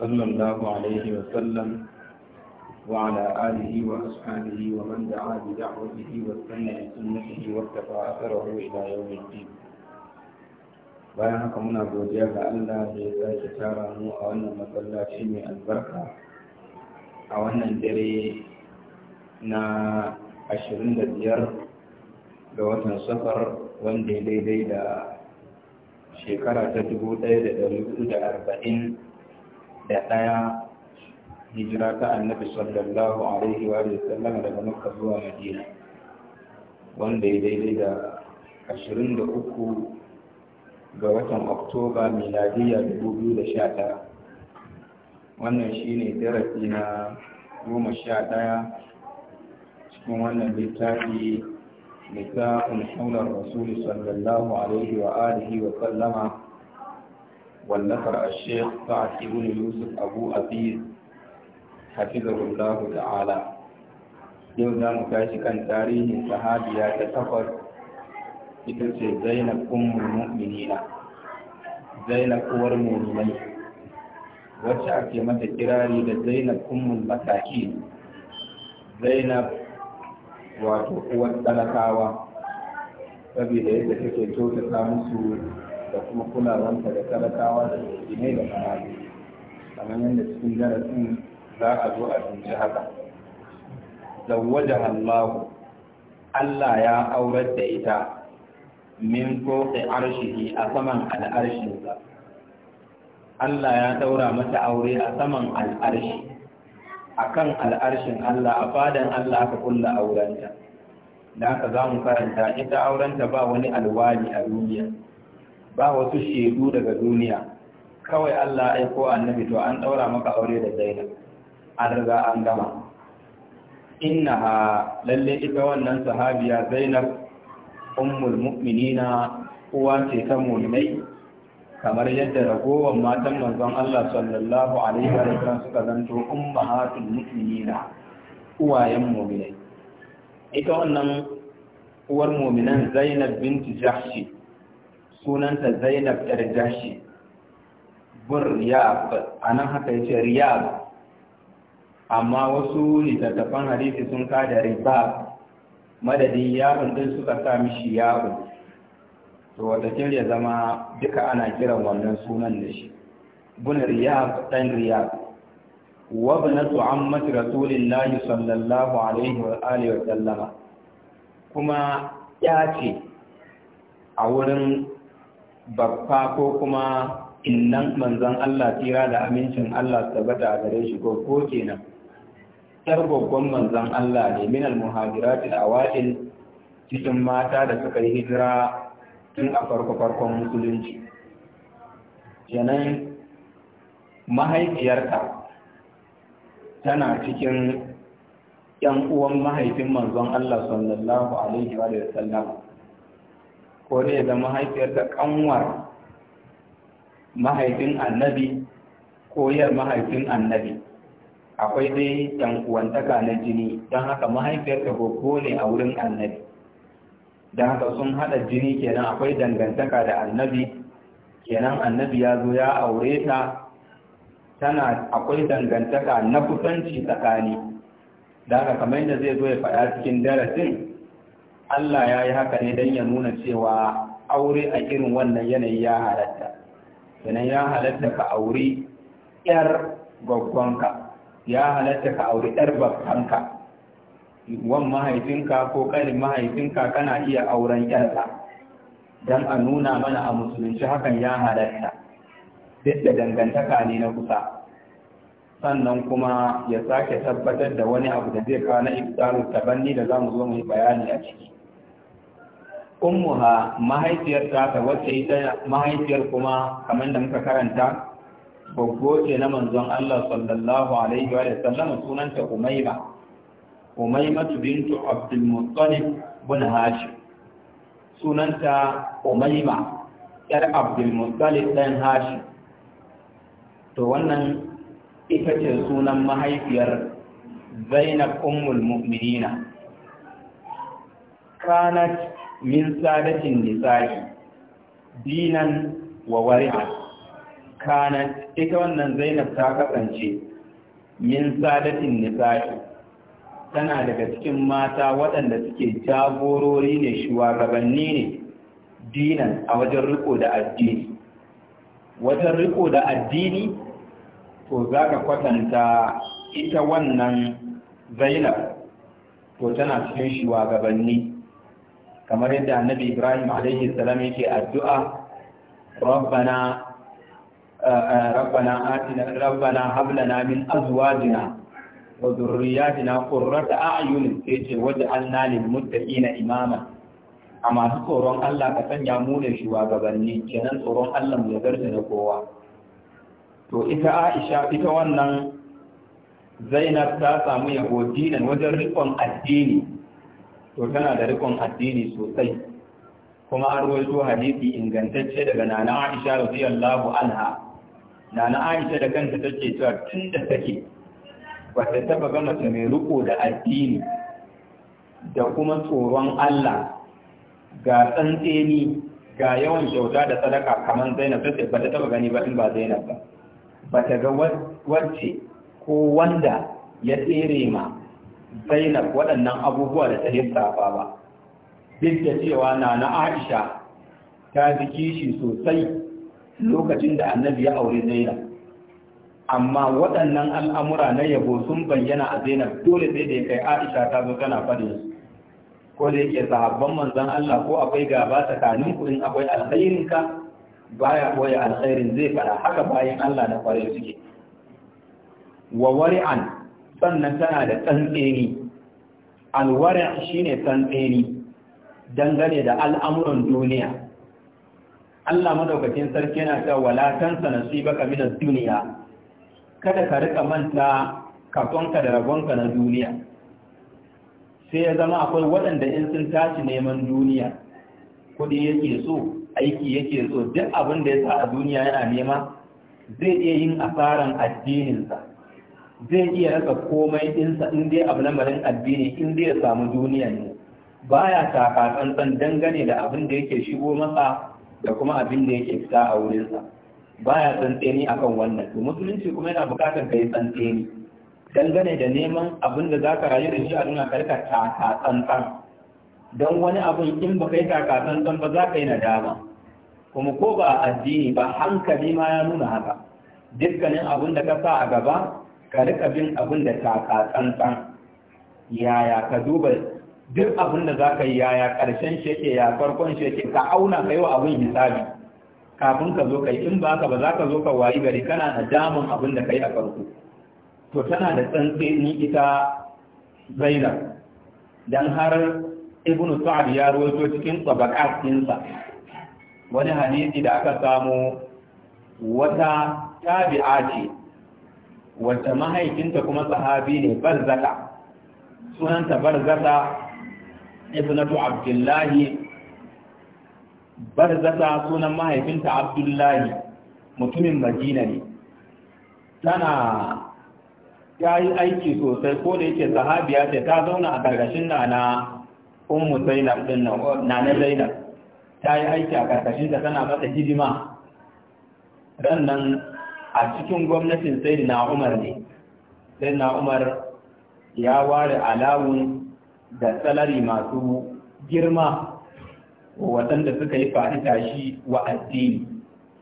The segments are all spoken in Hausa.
صلى الله عليه وسلم وعلى آله وأصحابه ومن دعا بدعوته واستنى بسنته واتقى أثره إلى يوم الدين bayan haka muna godiya ga Allah da ya sake tara mu a wannan masallaci mai albarka a wannan dare na 25 ga watan safar wanda ya daidai da shekara ta arba'in. da ɗaya hijira ta annabi sallallahu alaihi wa sallam daga makka zuwa madina wanda ya daidai da 23 ga watan oktoba miladiya 2019 wannan shine darasi na 11 cikin wannan littafi littafin haular rasulu sallallahu alaihi wa alihi wa sallama والنفر الشيخ سعد بن يوسف أبو أبيد حفظه الله تعالى يوزا مكاشكا تاريخ صحابيا تتفر ita zainab ummul mu'minina zainab uwar mu'minai wacce ake mata kirari da zainab ummul mataki zainab wato uwar talakawa saboda yadda take kyautata musu da kuma kulawanta da talakawa da ne da marayu kamar yadda cikin darasin za a zo a tunci haka zawwaja Allah Allah ya aurar da ita min fawqi arshihi a saman al'arshinsa Allah ya daura mata aure a saman al'arshi a kan al'arshin Allah a fadan Allah aka kulla aurenta da aka za mu karanta ita aurenta ba wani alwali a duniya ba wasu shaidu daga duniya kawai Allah ya aiko annabi to an daura maka aure da Zainab an riga an gama innaha lalle ita wannan sahabiya Zainab ummul mu'minina uwa ce ta mu'minai kamar yadda ragowar matan manzon Allah sallallahu alaihi wa sallam suka zanto ummahatul mu'minina uwayen mu'minai ita wannan uwar mu'minan Zainab binti Jahsh sunanta zainab yar jashi bin riyab a nan haka ya ce riyab amma wasu littattafan hadisi sun kada riba madadin yawon din suka sa mishi yawon to wata ya zama duka ana kiran wannan sunan da shi bin riyab ɗan riyab وابنة عمة Sallallahu alaihi صلى الله wa sallama Kuma ya ce a wurin babba ko kuma innan manzan Allah tira da amincin Allah bada a gare shi ko ko kenan yar babban manzan Allah ne min al-muhajirat al-awail cikin mata da suka yi hijira tun a farko farkon musulunci Janan mahaifiyarta tana cikin yan uwan mahaifin manzon Allah sallallahu alaihi wa sallam ko ne ya zama da kanwar mahaifin annabi ko yar mahaifin annabi akwai dai yan uwantaka na jini don haka mahaifiyarka gogo ne a wurin annabi don haka sun haɗa jini kenan akwai dangantaka da annabi kenan annabi ya zo ya aure ta tana akwai dangantaka na kusanci tsakani da haka kamar yadda zai zo ya faɗa cikin darasin Allah ya yi haka ne don ya nuna cewa aure a irin wannan yanayi ya halatta sannan ya halatta ka aure yar gwaggonka ya halatta ka aure yar babbanka wan mahaifinka ko ƙarin mahaifinka kana iya auren yarsa don a nuna mana a musulunci hakan ya halatta duk da dangantaka ne na kusa sannan kuma ya sake tabbatar da wani abu da zai kawo na iftarun tabanni da za mu zo mu yi bayani a ciki ummuha mahaifiyarta ta wacce ita mahaifiyar kuma kamar da muka karanta babbo ce na manzon Allah sallallahu alaihi wa sallama sunanta Umayma Umayma bintu Abdul Muttalib bin Hashim sunanta Umayma yar Abdul Muttalib dan Hashim to wannan ita ce sunan mahaifiyar Zainab ummul mu'minina kanat min sadatin nisa'i dinan wa wari'a kana ita wannan zainab ta kasance min sadatin nisa'i tana daga cikin mata waɗanda suke jagorori ne shugabanni ne dinan a wajen riko da addini wajen riko da addini to za ka kwatanta ita wannan zainab to tana cikin shugabanni kamar yadda annabi ibrahim alaihi salam yake addu'a rabbana rabbana atina rabbana hab lana min azwajina wa dhurriyyatina qurrata a'yun yace waj'alna lil muttaqina imama a masu tsoron Allah ka sanya mu ne shugabanni kenan tsoron Allah mu garta da kowa to ita Aisha ita wannan Zainab ta samu yahudi nan wajen rikon addini to tana da rikon addini sosai kuma an rawaito hadisi ingantacce daga nana Aisha radiyallahu anha nana Aisha da kanta take cewa tunda take wata taba ga mace mai riko da addini da kuma tsoron Allah ga tsantseni ga yawan kyauta da sadaka kamar Zainab sai bata taba gani ba in ba Zainab ba bata ga wacce ko wanda ya tsere ma zainab waɗannan abubuwa da ta safa ba duk da cewa na na aisha ta fi kishi sosai lokacin da annabi ya aure zainab amma waɗannan al'amura na yabo sun bayyana a zainab dole sai da ya kai aisha ta zo tana faɗin ko da yake sahabban manzan Allah ko akwai gaba tsakanin ku in akwai alkhairinka baya koya alkhairin zai fara haka bayan Allah na kware suke wa wari'an sannan tana da tsantseni alwara shine tsantseni dangane da al'amuran duniya Allah madaukacin sarki yana ta, wala tansa yi baka ad duniya. kada ka rika manta kafonka da rabonka na duniya sai ya zama akwai waɗanda in sun tashi neman duniya kuɗi yake so aiki yake so duk abin da ya sa a duniya yana nema zai iya yin asaran addininsa zai iya rasa komai ɗinsa in dai abu marin addini in dai ya samu duniya ne baya taka tsantsan dangane da abin da yake shigo masa da kuma abin da yake fita a wurinsa baya tsantseni akan wannan to musulunci kuma yana bukatar ka yi tsantseni dangane da neman abin da za ka rayu da shi a duniya karka taka tsantsan don wani abin in baka yi taka tsantsan ba za ka yi nadama kuma ko ba addini ba hankali ma ya nuna haka dukkanin abin da ka sa a gaba ka rika bin abin da ka tsantsan yaya ka duba duk abin da za ka yi yaya ƙarshen sheke ya farkon sheke ka auna ka yi wa abin hisabi kafin ka zo ka yi in ba ka ba za ka zo ka wayi gari kana na damun abin da ka yi a farko to tana da ni ita zainab dan har ibnu sa'ad ya rawaito cikin tabaqat ɗinsa wani hadisi da aka samu wata tabi'a ce wata mahaifinta kuma sahabi ne barzaka sunanta barzaka ibnatu abdullahi barzaka sunan mahaifinta abdullahi mutumin madina ne tana ta yi aiki sosai ko da yake sahabiya ce ta zauna a ƙarƙashin na na umu zainab din na na zainab ta yi aiki a ƙarƙashin ta tana masa hidima ran nan a cikin gwamnatin sai na umar ne sai na umar ya ware alawun da salari masu girma waɗanda suka yi faɗi tashi wa addini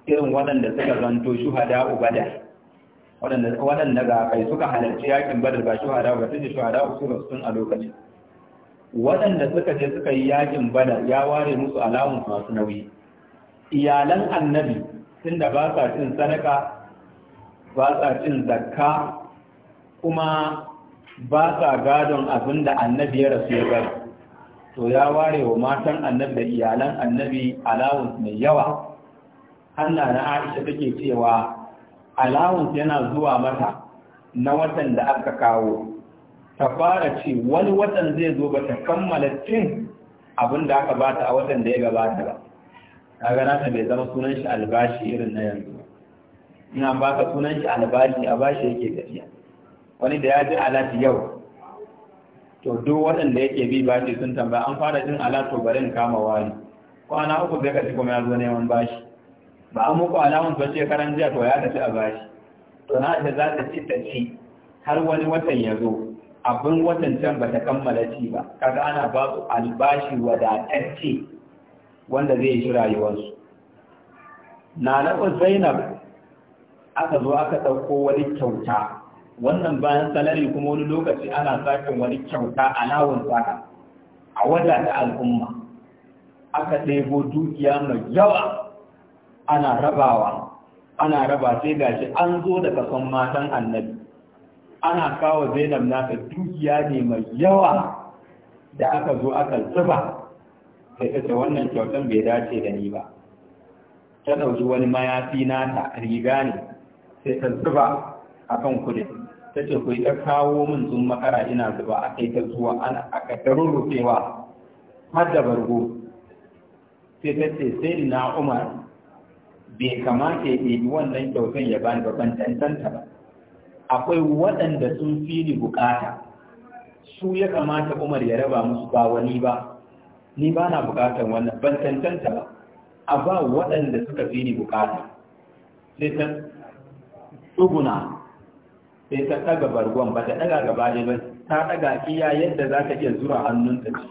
irin waɗanda suka zanto shuhada ubada waɗanda ga kai suka halarci yakin badar ba shuhada ba sun shuhada uku sun a lokacin waɗanda suka je suka yi yakin badar ya ware musu alamun masu nauyi iyalan annabi tun da ba sa cin sadaka ba sa cin zakka kuma ba sa gadon abin da annabi ya rasu ya bari to ya ware wa matan annabi da iyalan annabi alawun mai yawa hanna na aisha take cewa alawun yana zuwa mata na watan da aka kawo ta fara ce wani watan zai zo ba ta kammala cin abin da aka bata a watan da ya gabata ba gana nata bai zama sunan shi albashi irin na yanzu ina baka sunan shi albashi a bashi yake tafiya. wani da ya ji alati yau to duk waɗanda yake bi bashi sun tambaya an fara jin alato barin kama wari kwana uku zai kaci kuma ya zo neman bashi ba an muku alamun to shekaran jiya to ya tafi a bashi to na ce za ta ci ta ci har wani watan ya zo abin watan can ba ta kammala ci ba kaga ana ba su albashi wadatacce wanda zai shi rayuwarsu na zainab aka zo aka ɗauko wani kyauta wannan bayan salari kuma wani lokaci ana sakin wani kyauta a lawan saka a wadata al'umma aka ɗebo dukiya mai yawa ana rabawa ana raba sai gashi an zo da kason matan annabi ana kawo zainab naka dukiya ne mai yawa da aka zo aka zuba sai ita wannan kyautan bai dace da ni ba ta ɗauki wani mayafi ta riga ne sai ta zuba a kan kudin ta ce ku ta kawo min sun makara ina zuba a kai ta zuwa ana aka rufewa har da bargo sai ta ce sai na umar bai kamata ya yi wannan kyautar ya bani ba ban tantanta ba akwai waɗanda sun fi ni bukata su ya kamata umar ya raba musu ba wani ba ni ba na bukatar wannan ban tantanta ba a ba waɗanda suka fi ni bukata sai ta tsuguna sai ta ɗaga bargon ba ta ɗaga gaba ne ba ta ɗaga iya yadda za ta iya zura hannunta ce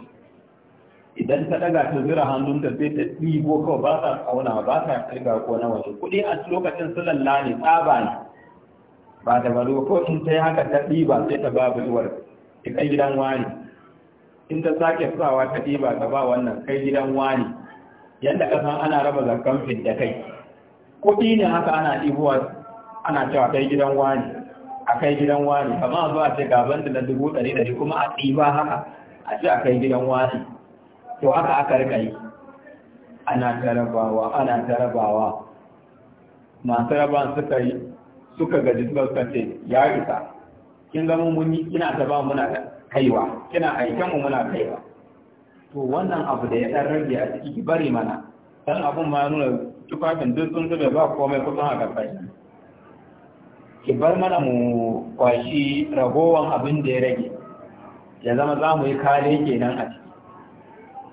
idan ta ɗaga ta zura hannunta sai ta ɗigo kawai ba sa ƙauna ba sa ƙirga ko na waje kuɗi a lokacin su lalla ne tsaba ne ba ta baro ko in ta yi haka ta ɗiba sai ta ba zuwar ta kai gidan wani in ta sake sawa ta ɗiba ta ba wannan kai gidan wani yadda ka san ana raba zakan fin da kai kuɗi ne haka ana ɗibuwa ana cewa kai gidan wani a kai gidan wani kama a ce gaban da na dubu ɗari ɗari kuma a ɗiba haka a ce a kai gidan wani to haka aka rika yi ana tarabawa ana tarabawa masu raban suka yi suka gaji suka suka ce ya isa kin ga mun yi kina ta ba muna kaiwa kina aikan mu muna kaiwa to wannan abu da ya dan rage a ciki bari mana dan abun ma nuna tufafin duk sun zube ba komai kusan a kai. ki bar mana mu kwashi ragowan abin da ya rage ya zama za mu yi kale kenan a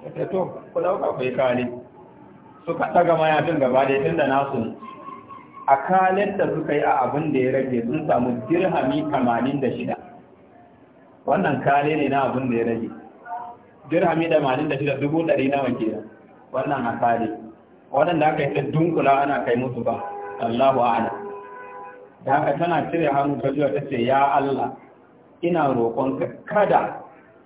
ciki ce to ku dauka ku yi kale suka daga mayafin gaba da tun da nasu a kalin da suka yi a abin da ya rage sun samu dirhami tamanin da shida wannan kale ne na abin da ya rage dirhami tamanin da shida dubu ɗari nawa kenan wannan a kale waɗanda aka yi ta dunkula ana kai musu ba Allahu a'lam da haka tana cire hannu ta zuwa ta ce ya Allah ina roƙonka kada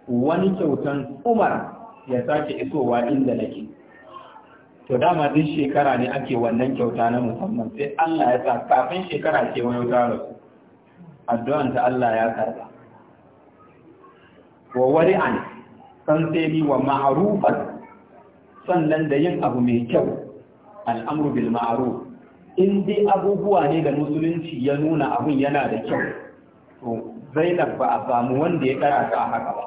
wani kyautan umar ya sake isowa inda nake to dama duk shekara ne ake wannan kyauta na musamman sai Allah ya sa kafin shekara ke wani ta rasu addu'an ta Allah ya karba wa an san sai wa ma'rufa sannan da yin abu mai kyau al'amru bil ma'ruf in dai abubuwa ne da musulunci ya nuna abun yana da kyau to zainab ba a samu wanda ya kara ta haka ba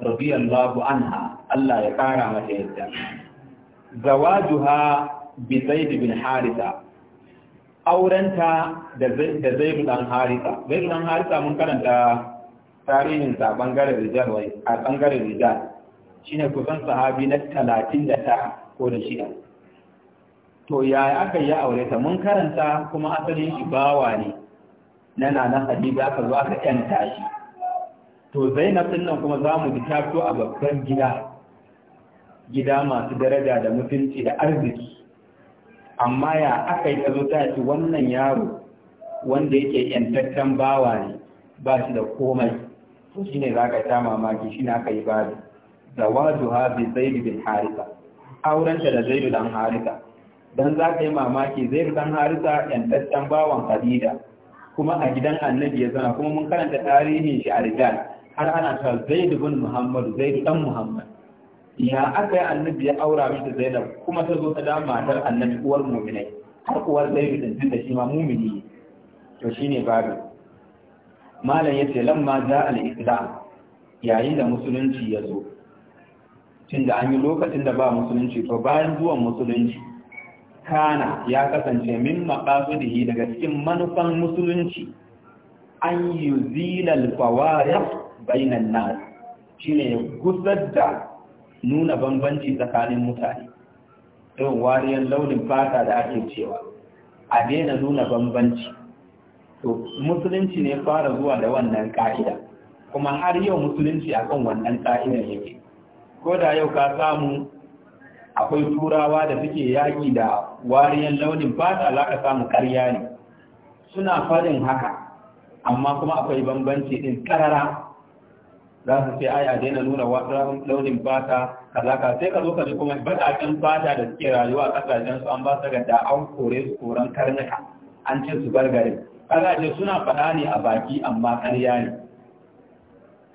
radiyallahu anha Allah ya kara mata yadda zawajuha bi zaid bin haritha aurenta da zaid dan harisa zaid dan harisa mun karanta tarihin sa bangaren rijal wai a bangare rijal shine kusan sahabi na 39 ko da shida to ya aka yi aure ta mun karanta kuma asalin shi bawa ne na nana Hadiza aka zo aka yanta shi to Zainab din nan kuma zamu ji ta a babban gida gida masu daraja da mutunci da arziki amma ya aka yi ta ta ce wannan yaro wanda yake yantaccen bawa ne ba shi da komai to shine zaka ta mamaki shine aka yi babu zawajuha bi zaid bin harisa aurenta da zaidu dan harisa. dan za ka yi mamaki zai dan harisa yantaccen bawan khadija kuma a gidan annabi ya zana kuma mun karanta tarihin shi a rijal har ana ta zaid bin muhammad zaid dan muhammad ya aka yi annabi ya aura mata zainab kuma ta zo ta da matar annabi uwar mu'minai har uwar zaid din da shi ma mu'mini to shine babu malam yace lamma za al-islam yayin da musulunci ya zo tun an yi lokacin da ba musulunci to bayan zuwan musulunci kana ya kasance min maqasidihi daga cikin manufan musulunci an yi zilal fawarif bainan nan, shine ne gusar da nuna bambanci tsakanin mutane irin wariyar launin fata da ake cewa a daina nuna bambanci to musulunci ne fara zuwa da wannan ka'ida kuma har yau musulunci akan wannan ka'idar yake ko da yau ka samu akwai turawa da suke yaƙi da wariyar launin fata da ka samun karya ne suna farin haka amma kuma akwai bambanci din karara za su ce ai a daina nuna launin fata kazaka ka sai ka zo ka ji kuma baƙaƙen fata da suke rayuwa a kasashen su an ba su ga an kore su koran karnuka an ce su bar garin kaga suna faɗa ne a baki amma karya ne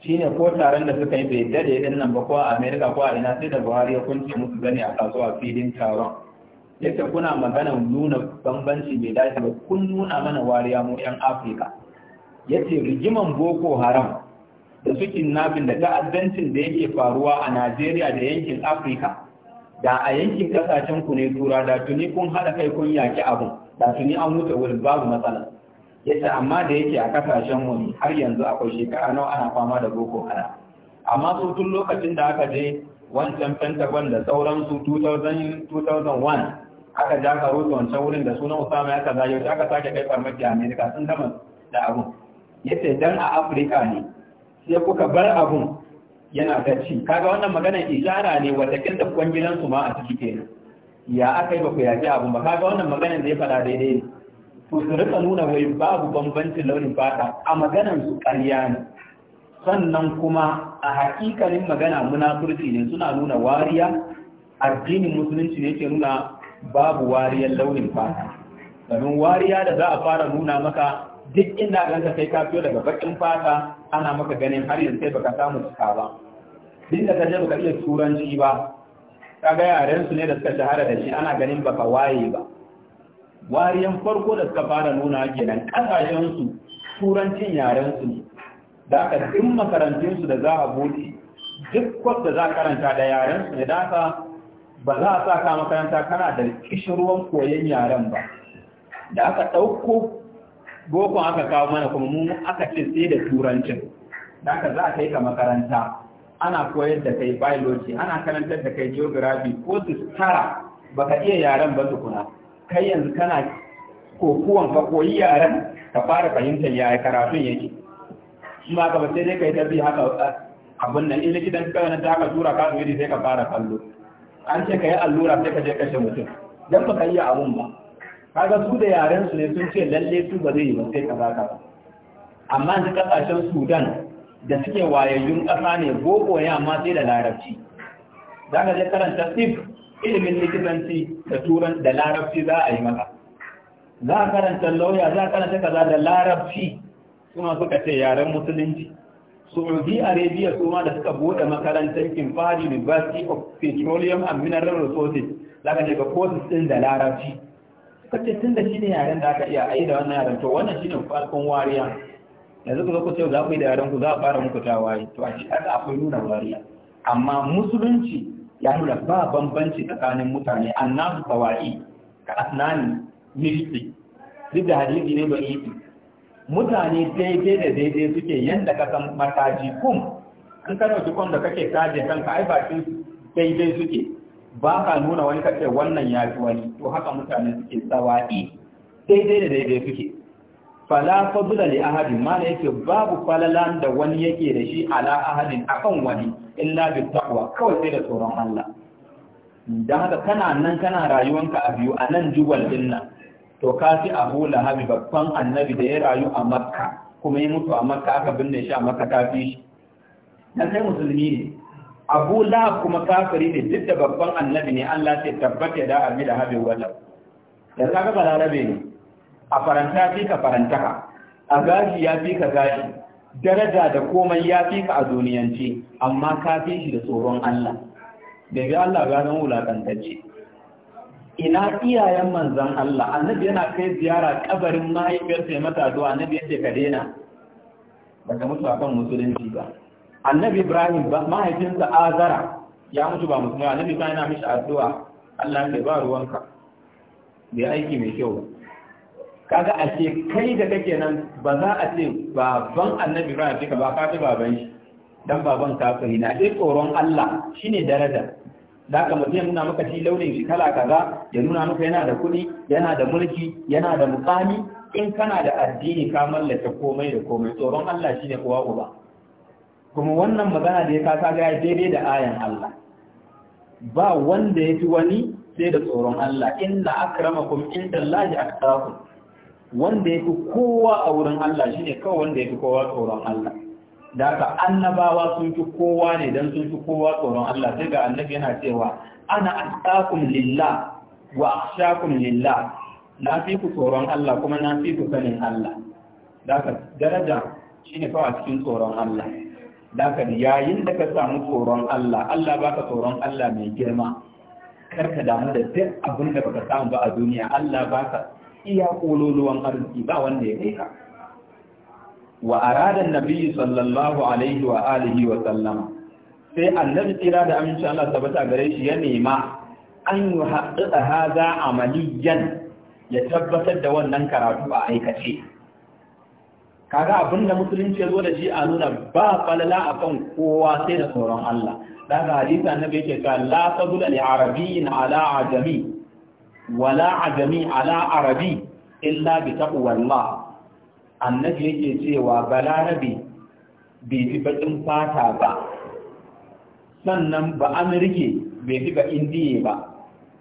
shine ko taron da suka yi bai dade ɗin nan ba ko a America ko a ina sai da Buhari ya kunce musu gani a kasuwa filin taron yake kuna magana nuna bambanci mai dace ba kun nuna mana wariya mu yan afirka yace rigiman boko haram da sukin nafin da ta'addancin da yake faruwa a najeriya da yankin afirka da a yankin kasashen ku ne tura da tuni kun haɗa kai kun yaki abu da tuni an wuce wurin babu matsala yace amma da yake a kasashen mu har yanzu akwai shekara nawa ana fama da boko haram amma su tun lokacin da aka je wancan pentagon da sauransu 2001 aka ja ka rusa wancan wurin da sunan Usama ya kaza yau aka sake kai farmaki a Amerika sun gama da abun yace dan a Afirka ne sai kuka bar abun yana ta ci kaga wannan magana ishara ne wata kin da gidan su ma a ciki kenan ya aka yi ba ku yaji abun ba kaga wannan maganar da ya faɗa daidai ne to su rika nuna wai babu bambancin launin fata a maganar su ƙarya ne sannan kuma a hakikalin magana munafurci ne suna nuna wariya addinin musulunci ne ke nuna babu wariyar launin fata domin wariya da za a fara nuna maka duk inda ganka sai ka fito daga bakin fata ana maka ganin har yanzu sai baka samu cika ba duk da ka je baka iya turanci ba ka ga yaren su ne da suka shahara da shi ana ganin baka waye ba wariyan farko da suka fara nuna kenan kasashen su turancin yaren su ne da aka duk makarantun su da za a bude duk da za karanta da yaren su ne da aka ba za a sa ka makaranta kana da kishirwan koyon yaren ba da aka ɗauko bokon aka kawo mana kuma mu aka ce sai da turancin da aka za a kai ka makaranta ana koyar da kai biology ana karantar da kai geography ko su tara baka iya yaren ba tukuna kai yanzu kana kokuwan ka koyi yaren ka fara fahimtar yaya karatun yake ba ka ba sai dai kai yi haka abin nan kawai na ta aka tura ka sai ka fara kallo an ce ka yi allura sai ka je kashe mutum Don ba ka yi abun ba kaga su da yaren su ne sun ce lalle su ba zai yi ba sai ka ba amma da kasashen Sudan da suke wayayyun ƙasa ne boko ya ma sai da larabci za ka je karanta sif ilimin likitanci da turan da larabci za a yi maka za a karanta lauya za a karanta kaza da larabci kuma suka ce yaren musulunci Saudi Arabia su ma da suka buɗe makarantar Kimfari University of Petroleum and Mineral Resources za ka ga courses ɗin da larabci. Suka ce tun da shi ne yaren da aka iya a da wannan yaren to wannan shi ne farkon wariya. Yanzu ku zo ku ce za ku yi da yaren ku za a fara muku ta waye to a shi aka akwai nuna wariya. Amma musulunci ya nuna ba bambanci tsakanin mutane annasu kawai ka asnani mishti duk da hadisi ne ba yi mutane daidai da daidai suke yadda ka san mataji kum an ka ɗauki kum da kake kaje kanka ka daidai suke ba ka nuna wani kace wannan ya fi wani to haka mutane suke tsawa'i daidai da daidai suke fala fadla li ahadin ma ne yake babu falalan da wani yake da shi ala ahadin akan wani illa bi taqwa kawai sai da tsoron Allah dan haka kana nan kana rayuwanka a biyu a nan juwal din to kasi abu lahabi babban annabi da ya rayu a makka kuma ya mutu a makka aka binne shi a makka ta fi shi na sai musulmi ne abu lahab kuma kafiri ne duk da babban annabi ne allah sai tabbata da abi habi wannan da kaga balarabe ne a faranta fi ka farantaka a gashi ya fi ka gashi daraja da komai ya fi ka a duniyance, amma ka fi shi da tsoron allah bai ga allah ganin wulakantacce ina iyayen manzan Allah annabi yana kai ziyara kabarin mahaifiyarsa ya mata zuwa annabi yace ka daina daga mutu akan musulunci ba annabi Ibrahim ba mahaifinsa Azara ya mutu ba musulmi annabi ba yana mishi addu'a Allah ya ba ruwanka bi aiki mai kyau kaga a ce kai da kake nan ba za a ce baban annabi Ibrahim ka ba ka ta baban shi dan baban kafiri na dai tsoron Allah shine daraja da aka mutum ya nuna maka shi launin shi kala kaza ya nuna maka yana da kuɗi yana da mulki yana da mukami in kana da addini ka mallaka komai da komai tsoron Allah shi ne kowa uba kuma wannan magana da ya kasa ga daidai da ayan Allah ba wanda ya fi wani sai da tsoron Allah inna akramakum aka atqakum wanda ya fi kowa a wurin Allah shi ne kawai wanda ya fi kowa tsoron Allah da ka annabawa sun fi kowa ne don sun fi kowa tsoron Allah sai ga annabi yana cewa ana astakum lillah wa lillah na fi ku tsoron Allah kuma na fi ku sanin Allah da ka daraja shine fawa cikin tsoron Allah da haka yayin da ka samu tsoron Allah Allah baka tsoron Allah mai girma karka damu da duk abin da baka samu ba a duniya Allah baka iya kololuwan arziki ba wanda ya kai ka wa aradan nabi sallallahu alaihi wa alihi wa sallama sai annabi tsira da amincin Allah tabbata gare shi ya nema an yi haɗuɗa haza amaliyan ya tabbatar da wannan karatu a aikace kaga abin da musulunci ya zo da shi a nuna ba falala a kan kowa sai da tsoron Allah daga hadisi annabi yake ka, la tabul al arabiyyin ala ajami wala ajami ala arabi illa bi taqwallah annabi yake cewa balarabe bai fi baƙin fata ba sannan ba amurke bai fi ba indiya ba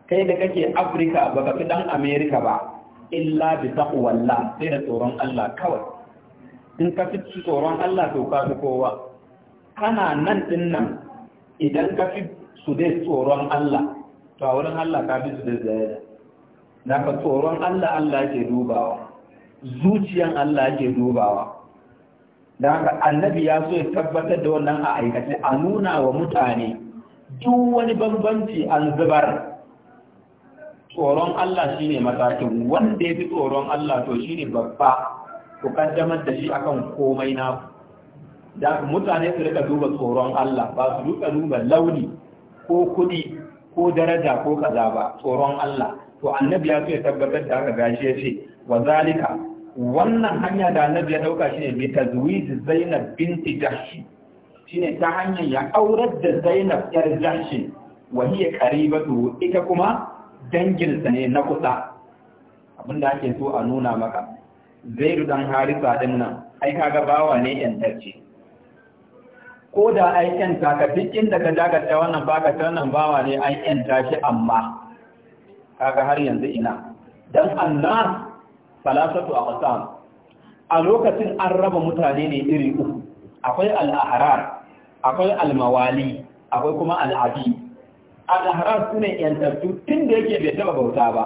kai da kake afirka ba ka fi ɗan amerika ba illa bi taqwallah sai da tsoron allah kawai in ka fi tsoron allah to ka fi kowa kana nan ɗin nan idan ka fi su dai tsoron allah to a wurin allah ka fi su dai zai da ka tsoron allah allah ke dubawa zuciyan Allah ke dubawa don haka annabi ya so ya tabbatar da wannan a aikace a nuna wa mutane duk wani bambanci an zubar tsoron Allah shine matakin wanda ya fi tsoron Allah to shine babba ku kaddamar da shi akan komai na da mutane su rika duba tsoron Allah ba su rika duba launi ko kudi ko daraja ko kaza ba tsoron Allah to annabi ya so ya tabbatar da haka gashi ya ce wa zalika wannan hanya da annabi ya dauka shine bi tazwij Zainab binti Jahsh shine ta hanyar ya aurar da Zainab yar Jahsh wa hiya qaribatu ita kuma dangin sa ne na kusa abinda ake so a nuna maka Zaidu dan Harisa din nan ai kaga bawa ne yantacce ko da ai yanta ka duk inda ka daga ta wannan baka ta wannan bawa ne ai yanta shi amma kaga har yanzu ina dan Allah Falasatu a aqsam a lokacin an raba mutane ne iri uku akwai al-ahrar akwai almawali, akwai kuma al-abi al-ahrar sune yantattu tun da yake bai taba bauta ba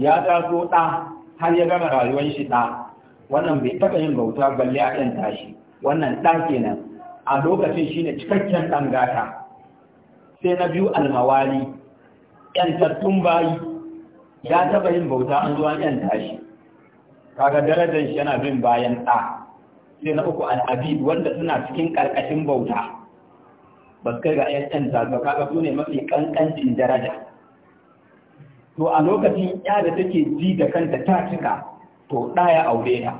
ya taso da har ya gama rayuwar shi da wannan bai taba yin bauta balle a yan tashi wannan da kenan a lokacin shine cikakken dan gata sai na biyu almawali, mawali yantattun bayi ya taba yin bauta an zuwa yan tashi kaga darajar shi yana bin bayan ɗa sai na uku al'abid wanda suna cikin ƙarƙashin bauta ba kai ga ƴan ba kaga su ne mafi ƙanƙancin daraja to a lokacin ya da take ji da kanta ta cika to ɗa ya aure ta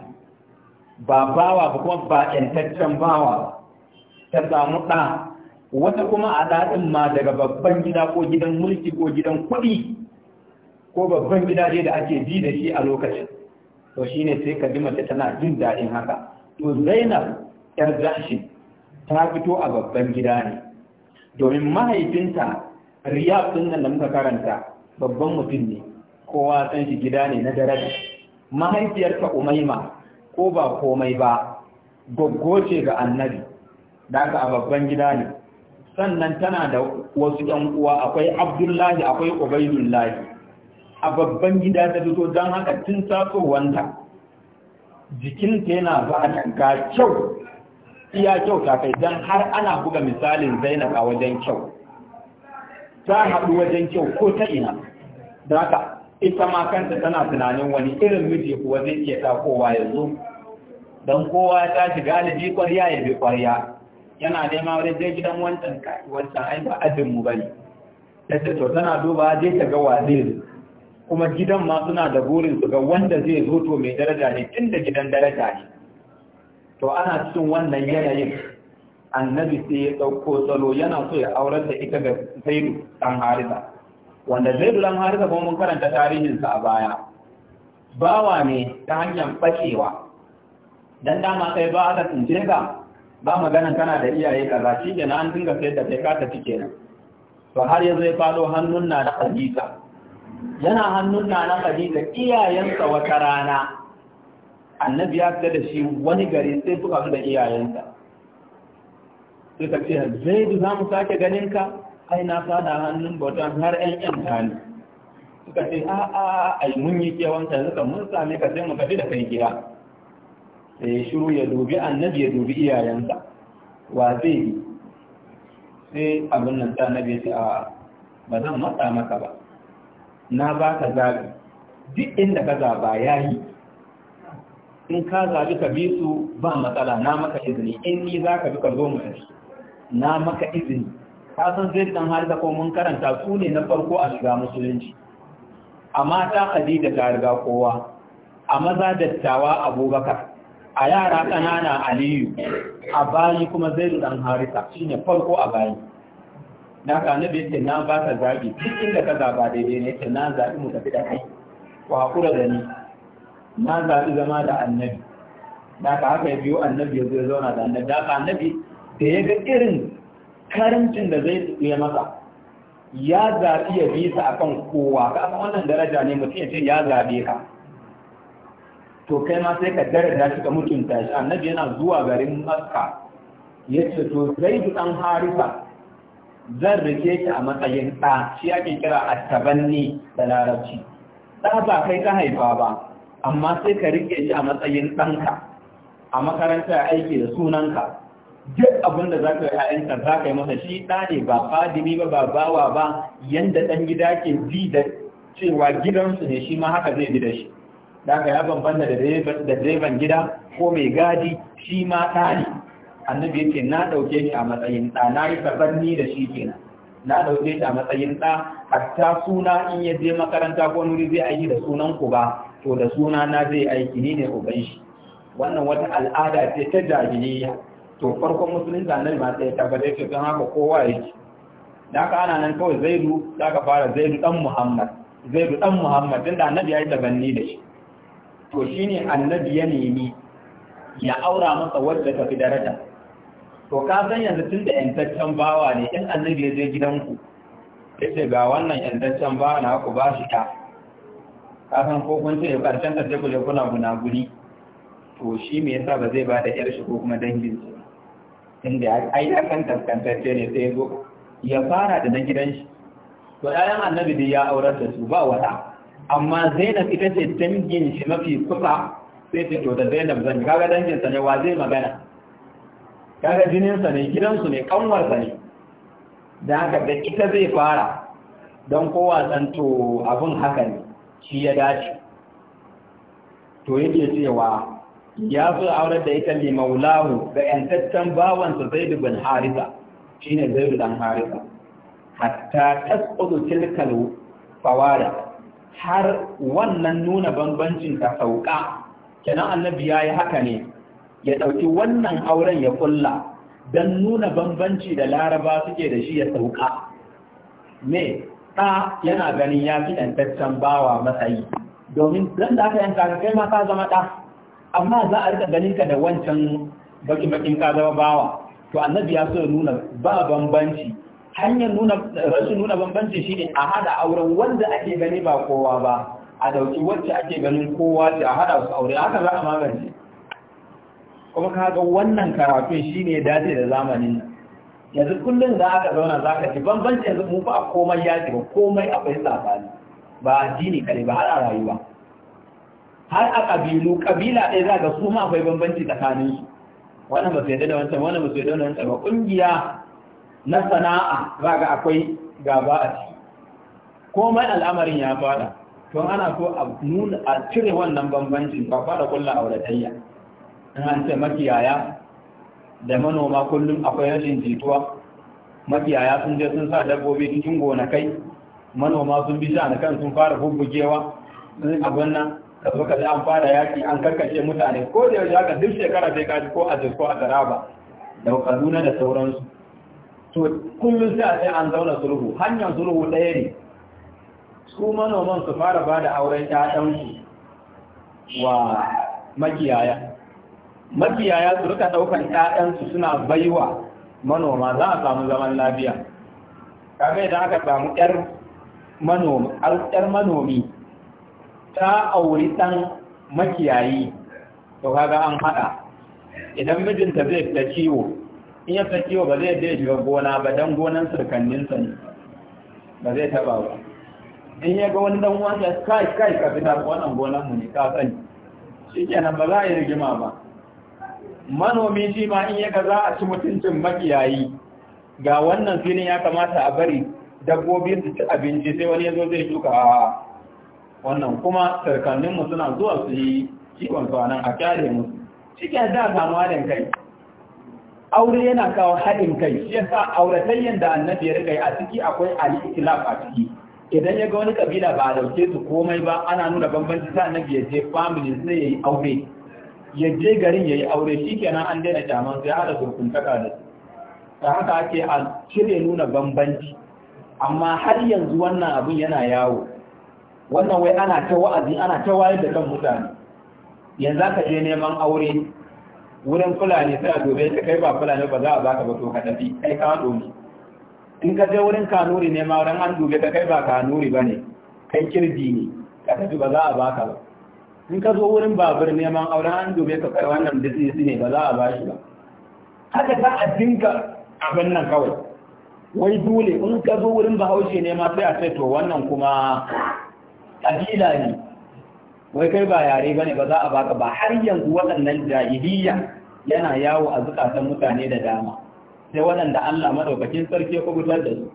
ba bawa ba kuma ba ƴantaccen bawa ta samu ɗa wata kuma a daɗin ma daga babban gida ko gidan mulki ko gidan kuɗi ko babban gida dai da ake ji da shi a lokacin to shi ne sai ka ji mace tana jin daɗin haka to zainab yar jahshi ta fito a babban gida ne domin mahaifinta riyab din nan da muka karanta babban mutum ne kowa san shi gida ne na daraja mahaifiyarta umaima ko ba komai ba goggo ce ga annabi da aka a babban gida ne sannan tana da wasu ‘yan uwa akwai abdullahi akwai ubaidullahi a babban gida ta fito don haka tun wanta. jikinta yana ba ga kyau iya kyau ta kai don har ana buga misalin zainab a wajen kyau ta haɗu wajen kyau ko ta ina da haka ita ma kanta tana tunanin wani irin miji kuwa zai iya ya yanzu don kowa ta shiga da ji kwarya ya bi kwarya yana nema wajen zai gidan wancan wancan ai ba ajin mu bane ta ce to tana duba zai ta ga wa zai kuma gidan ma suna da burin su ga wanda zai zo to mai daraja ne tun da gidan daraja ne to ana cikin wannan yanayin annabi sai ya ɗauko salo yana so ya aurar da ita ga zaidu ɗan harisa wanda zaidu ɗan harisa kuma mun karanta tarihinsa a baya bawa ne ta hanyar ɓacewa dan dama sai ba aka tsince ka ba maganan kana da iyaye kaza shi na an dinga sai da kai ka tafi kenan to har yanzu ya faɗo hannun na da hadisa yana hannun na na Khadija iyayensa wata rana annabi ya fita da shi wani gari sai suka su da iyayensa sai ta ce zaidu za mu sake ganin ka ai na da hannun bauta har ƴan ta tani suka ce a a a mun yi kewan ka suka mun sami ka sai mu kafi da kai gida sai ya shiru ya dubi annabi ya dubi iyayensa wa zai sai abin nan ta annabi ya ba zan matsa maka ba na ba ka zaɓi duk inda ka zaɓa ya yi in ka zaɓi ka bi su ba matsala na maka izini in ni za ka bi ka zo mu na maka izini ka san zai dan har ko mun karanta su ne na farko a shiga musulunci A mata, khadija ta riga kowa a maza dattawa abubakar a yara ƙanana aliyu a bayi kuma zai dan harisa shine farko a bayi na ka annabi ce na ba ka zabi duk inda ka zaba daidai ne ce na zabi mu tafi da kai ko hakura da ni na zabi zama da annabi na ka haka ya biyo annabi ya zo zauna da annabi da ka annabi da ya ga irin karancin da zai tsaye masa ya zabi ya bi sa akan kowa ka san wannan daraja ne mutum ya ce ya zabe ka to kai ma sai ka daraja shi ka mutunta shi annabi yana zuwa garin makka ya ce to zaidu dan harisa zan rike ki a matsayin ɗa shi ake kira attabanni da larabci ɗa ba kai ka haifa ba amma sai ka rike shi a matsayin ɗanka a makaranta ya aiki da sunanka duk abin da za ka yi ‘ya'yanka za ka yi masa shi ɗa ne ba fadimi ba ba bawa ba yadda ɗan gida ke ji da cewa gidansu ne shi ma haka zai bi da shi da ya bambanta da direban gida ko mai gadi shi ma ɗa ne annabi yace na dauke shi a matsayin da na yi sabanni da shi kenan na dauke shi a matsayin da hatta suna in ya je makaranta ko wani zai aiki da sunan ku ba to da suna na zai aiki ni ne uban shi wannan wata al'ada ce ta jahiliya to farkon musulunci annabi ma sai tabbatar shi don haka kowa yake da ka ana nan kawai zaidu za ka fara zaidu dan muhammad zaidu dan muhammad tunda annabi ya yi sabanni da shi to shine annabi ya nemi ya aura masa wadda ta fi daraja to ka san yanzu tun da yantaccen bawa ne in annabi ya je gidanku yace ga wannan yantaccen bawa na ku ba shi ta ka san ko kun ce karshen ta ku je kuna guri to shi me yasa ba zai ba da yar shi ko kuma dangin shi inda ai ya kan kaskantacce ne sai zo ya fara da na gidan shi to ƴaƴan annabi dai ya aurar da su ba wata amma Zainab ita ce dangin shi mafi kusa sai ta to da Zainab zan kaga dangin sa ne wa zai magana kaga jininsa ne gidansu ne kanwarsa ne da haka da ita zai fara don kowa zanto abin haka ne shi ya dace to yake cewa ya zo aure da ita limaulahu ga yantaccen bawansa zaidu bin harisa shine zaidu dan harisa hatta tasqudu tilkal fawara har wannan nuna bambancin ta sauka kenan annabi yayi haka ne ya ɗauki wannan auren ya kulla don nuna bambanci da laraba suke da shi ya sauka me ɗa yana ganin ya fi ɗantaccen bawa matsayi domin zan da aka yanka kai ma ka zama ɗa amma za a rika ganin ka da wancan bakin bakin ka zama bawa to annabi ya so nuna ba bambanci hanyar nuna rashin nuna bambanci ne a hada auren wanda ake gani ba kowa ba a ɗauki wacce ake ganin kowa ce a haɗa su aure haka za a magance kuma kaga wannan karatun shine ya dace da zamanin yanzu kullum za ka zauna za ka ci bambanci yanzu mu ba komai ya ci ba komai akwai labari ba addini kare ba har a rayuwa har a ƙabilu ƙabila ɗaya za ga su ma akwai banbanci tsakanin su wannan ba su yadda da wancan wannan ba su yadda da wancan ba ƙungiya na sana'a za ga akwai gaba a ciki komai al'amarin ya fada to ana so a nuna a cire wannan bambancin ba fara kulla wadatayya in an ce makiyaya da manoma kullum akwai rashin jituwa makiyaya sun je sun sa dabbobi cikin gonakai manoma sun bi sha kan sun fara bubbugewa sun abin nan da suka ji an fara yaki an karkashe mutane ko da yaushe haka duk shekara sai kaji ko a ko a garaba da kaduna da sauransu to kullum sai a sai an zauna sulhu hanyar sulhu ɗaya ne su manoman su fara ba da auren ƴaƴansu wa makiyaya makiyaya su rika daukan ƴaƴansu suna baiwa manoma za a samu zaman lafiya kaga idan aka samu ƴar ƴar manomi ta auri ɗan makiyayi to kaga an haɗa idan mijinta zai fita ciwo in ya fita ciwo ba zai dai shiga gona ba dan gonan surkanninsa ne ba zai taɓa ba in ya ga wani dan wanda kai kai ka fita wannan gonan mu ne ka sani shikenan ba za a yi rigima ba manomi shi ma in yaka za a ci mutuncin makiyayi ga wannan filin ya kamata a bari dabbobi su ci abinci sai wani ya zai shuka wannan kuma sarkanninmu suna zuwa su yi kiwon nan a kyale musu cikin da samu haɗin kai aure yana kawo haɗin kai shi yasa auratayyan da annabi ya riga a ciki akwai al a ciki idan ya ga wani kabila ba a dauke su komai ba ana nuna bambanci sa annabi ya je family sai yayi aure Yaje garin ya yi aure shi kenan an daina kyaman sai hada surkuntaka da su ta haka ake a cire nuna bambanci amma har yanzu wannan abin yana yawo wannan wai ana ta wa'azi ana ta wayar da kan mutane yanzu aka je neman aure wurin fulani sai a dobe ta kai ba fulani ba za a baka ba to ka tafi kai ka domi in ka je wurin kanuri ne ma wurin an dube ta kai ba kanuri ba ne kai kirji ne ka tafi ba za a baka ba in ka zo wurin babur neman aure, an dube ka kai wannan business ne ba za a bashi ba haka za a dinka abin nan kawai wai dole in ka zo wurin bahaushe ne ma sai a sai to wannan kuma kabila ne wai kai ba yare bane ba za a baka ba har yanzu waɗannan jahiliya yana yawo a zukatan mutane da dama sai waɗanda Allah madaukakin sarki ya kubutar da su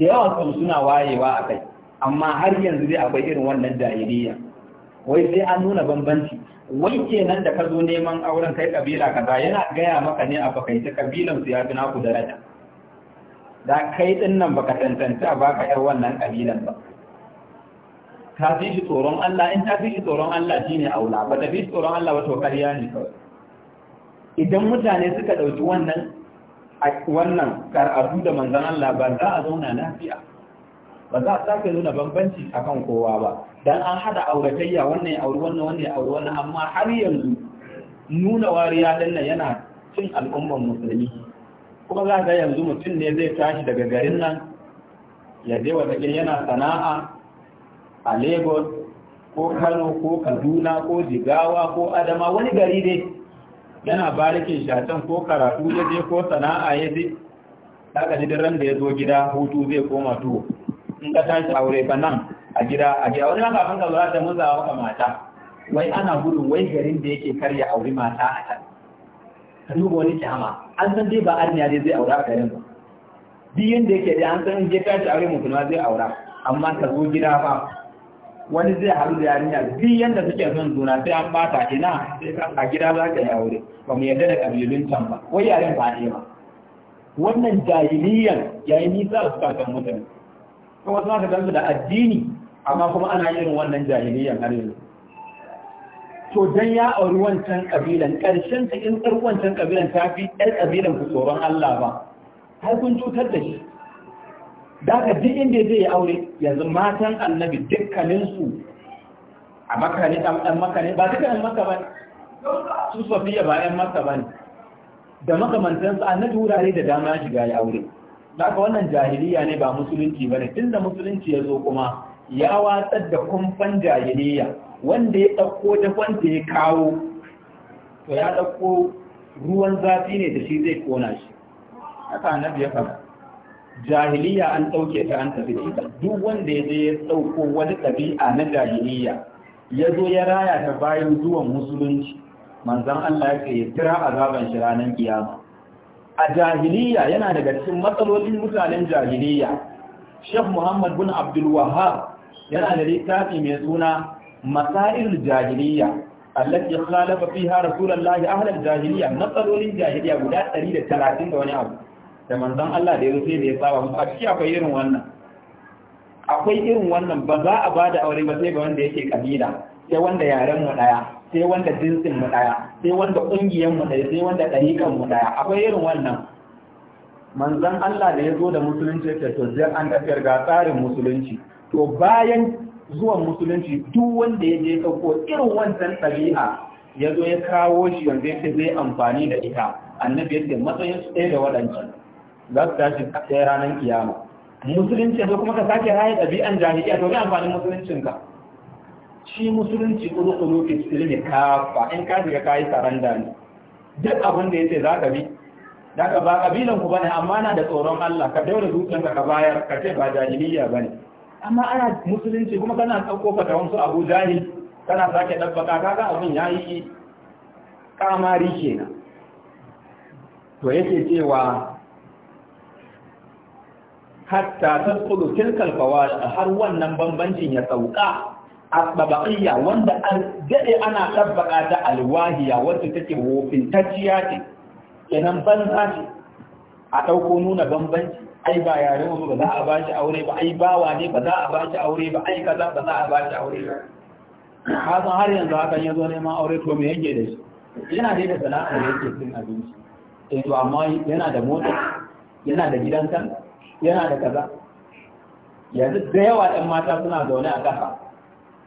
da yawan suna wayewa a kai amma har yanzu dai akwai irin wannan jahiliya wai sai an nuna bambanci wai kenan da ka zo neman auren kai kabila kaza yana gaya maka ne a fakaice kabilan su ya fi naku daraja da kai din nan baka tantance ba ka yar wannan kabilan ba ka fi shi tsoron Allah in ta fi shi tsoron Allah shine aula ba ta fi shi tsoron Allah ba to kariya ne kawai idan mutane suka dauki wannan wannan karatu da manzon Allah ba za a zauna lafiya ba za a sake nuna bambanci a kan kowa ba Don an hada auratayya wannan ya auri wannan wannan ya auri wannan amma har yanzu nuna wariya din nan yana cin al'umman musulmi kuma za ga yanzu mutum ne zai tashi daga garin nan ya je wata yana sana'a a Lagos ko Kano ko Kaduna ko Jigawa ko Adama wani gari dai yana barikin shatan ko karatu ya je ko sana'a ya je daga da ya zo gida hutu zai koma tuwo in ka tashi aure ba nan a gida a gida wani haka abin ka lura da muzawa maka mata wai ana gudun wai garin da yake karya aure mata a can ka duba wani kyama an san dai ba arniya dai zai aura a garin ba duk da yake dai an san je tashi aure mutum zai aura amma ka zo gida ba wani zai haru da yarinya duk yanda suke son juna sai an bata ina a gida za ka yi aure ba mu yarda da kabilun can ba wai yaren ba ne ba wannan jahiliyan yayin nisa da suka kan mutane kuma za ka gansu da addini amma kuma ana yin wannan jahiliyan har yanzu to dan ya auri wancan kabilan karshen ta in tsar wancan kabilan ta fi ɗan kabilan ku tsoron Allah ba har kun cutar da shi daga duk inda zai yi aure yanzu matan annabi dukkaninsu a makani ɗan makani ba duka ɗan maka ba ne su safiya ba ɗan maka ba ne da makamantansu annabi wurare da dama ya shiga ya aure haka wannan jahiliya ne ba musulunci ba ne tunda musulunci ya zo kuma ya watsar da kumfan jahiliya wanda ya ɗauko da wanda ya kawo to ya ɗauko ruwan zafi ne da shi zai kona shi haka annabi ya faɗa jahiliya an ɗauke ta an tafi da duk wanda ya je ya ɗauko wani ɗabi'a na jahiliya ya zo ya raya ta bayan zuwan musulunci manzon Allah ya ce ya kira azaban shi ranar kiyama a jahiliya yana daga cikin matsalolin mutanen jahiliya Sheikh Muhammad bin Abdul yana da littafi mai suna masair Jahiliya allati khalafa fiha rasulullahi ahli jahiliya matsalolin jahiliya guda 130 da wani abu da manzon Allah da ya rufe da ya saba musu a ciki akwai irin wannan akwai irin wannan ba za a bada aure ba sai ga wanda yake kabila sai wanda yaren mu daya sai wanda jinsin mu daya sai wanda kungiyan mu daya sai wanda dariƙan mu daya akwai irin wannan manzon Allah da ya zo da musulunci ta to zai an tafiyar ga tsarin musulunci to bayan zuwan musulunci duk wanda ya je sauko irin wancan tabi'a ya zo ya kawo shi wanda yake zai amfani da ita annabi ya ce matsayin su ɗaya da waɗancan za su tashi ɗaya ranar kiyama musulunci zo kuma ka sake raye ɗabi'an jahiliya to ga amfanin musuluncinka shi musulunci kudu kudu fi silmi kafa in ka shiga kayi saranda ne duk abin da yace zaka bi daga ba kabilan ku bane amma na da tsoron Allah ka daura dukkan ka bayar ka ce ba jahiliya bane amma ana musulunci kuma kana dauko tawon su Abu Jahil kana sake dabbaka kaga abin yayi kamari kenan to yake cewa hatta tasqudu tilkal fawash har wannan bambancin ya sauka asbabaqiyya wanda an dade ana tabbaka ta alwahiya wanda take wofintacciya ce kenan banza ce a dauko nuna bambanci ai ba yare mu ba za a bashi aure ba ai bawa ne ba za a bashi aure ba ai kaza ba za a bashi aure ba ka san har yanzu hakan yazo neman aure to me yake da shi yana dai da sana'a da yake cin abinci eh to amma yana da mota yana da gidan kan yana da kaza yanzu da yawa ɗan mata suna zaune a kafa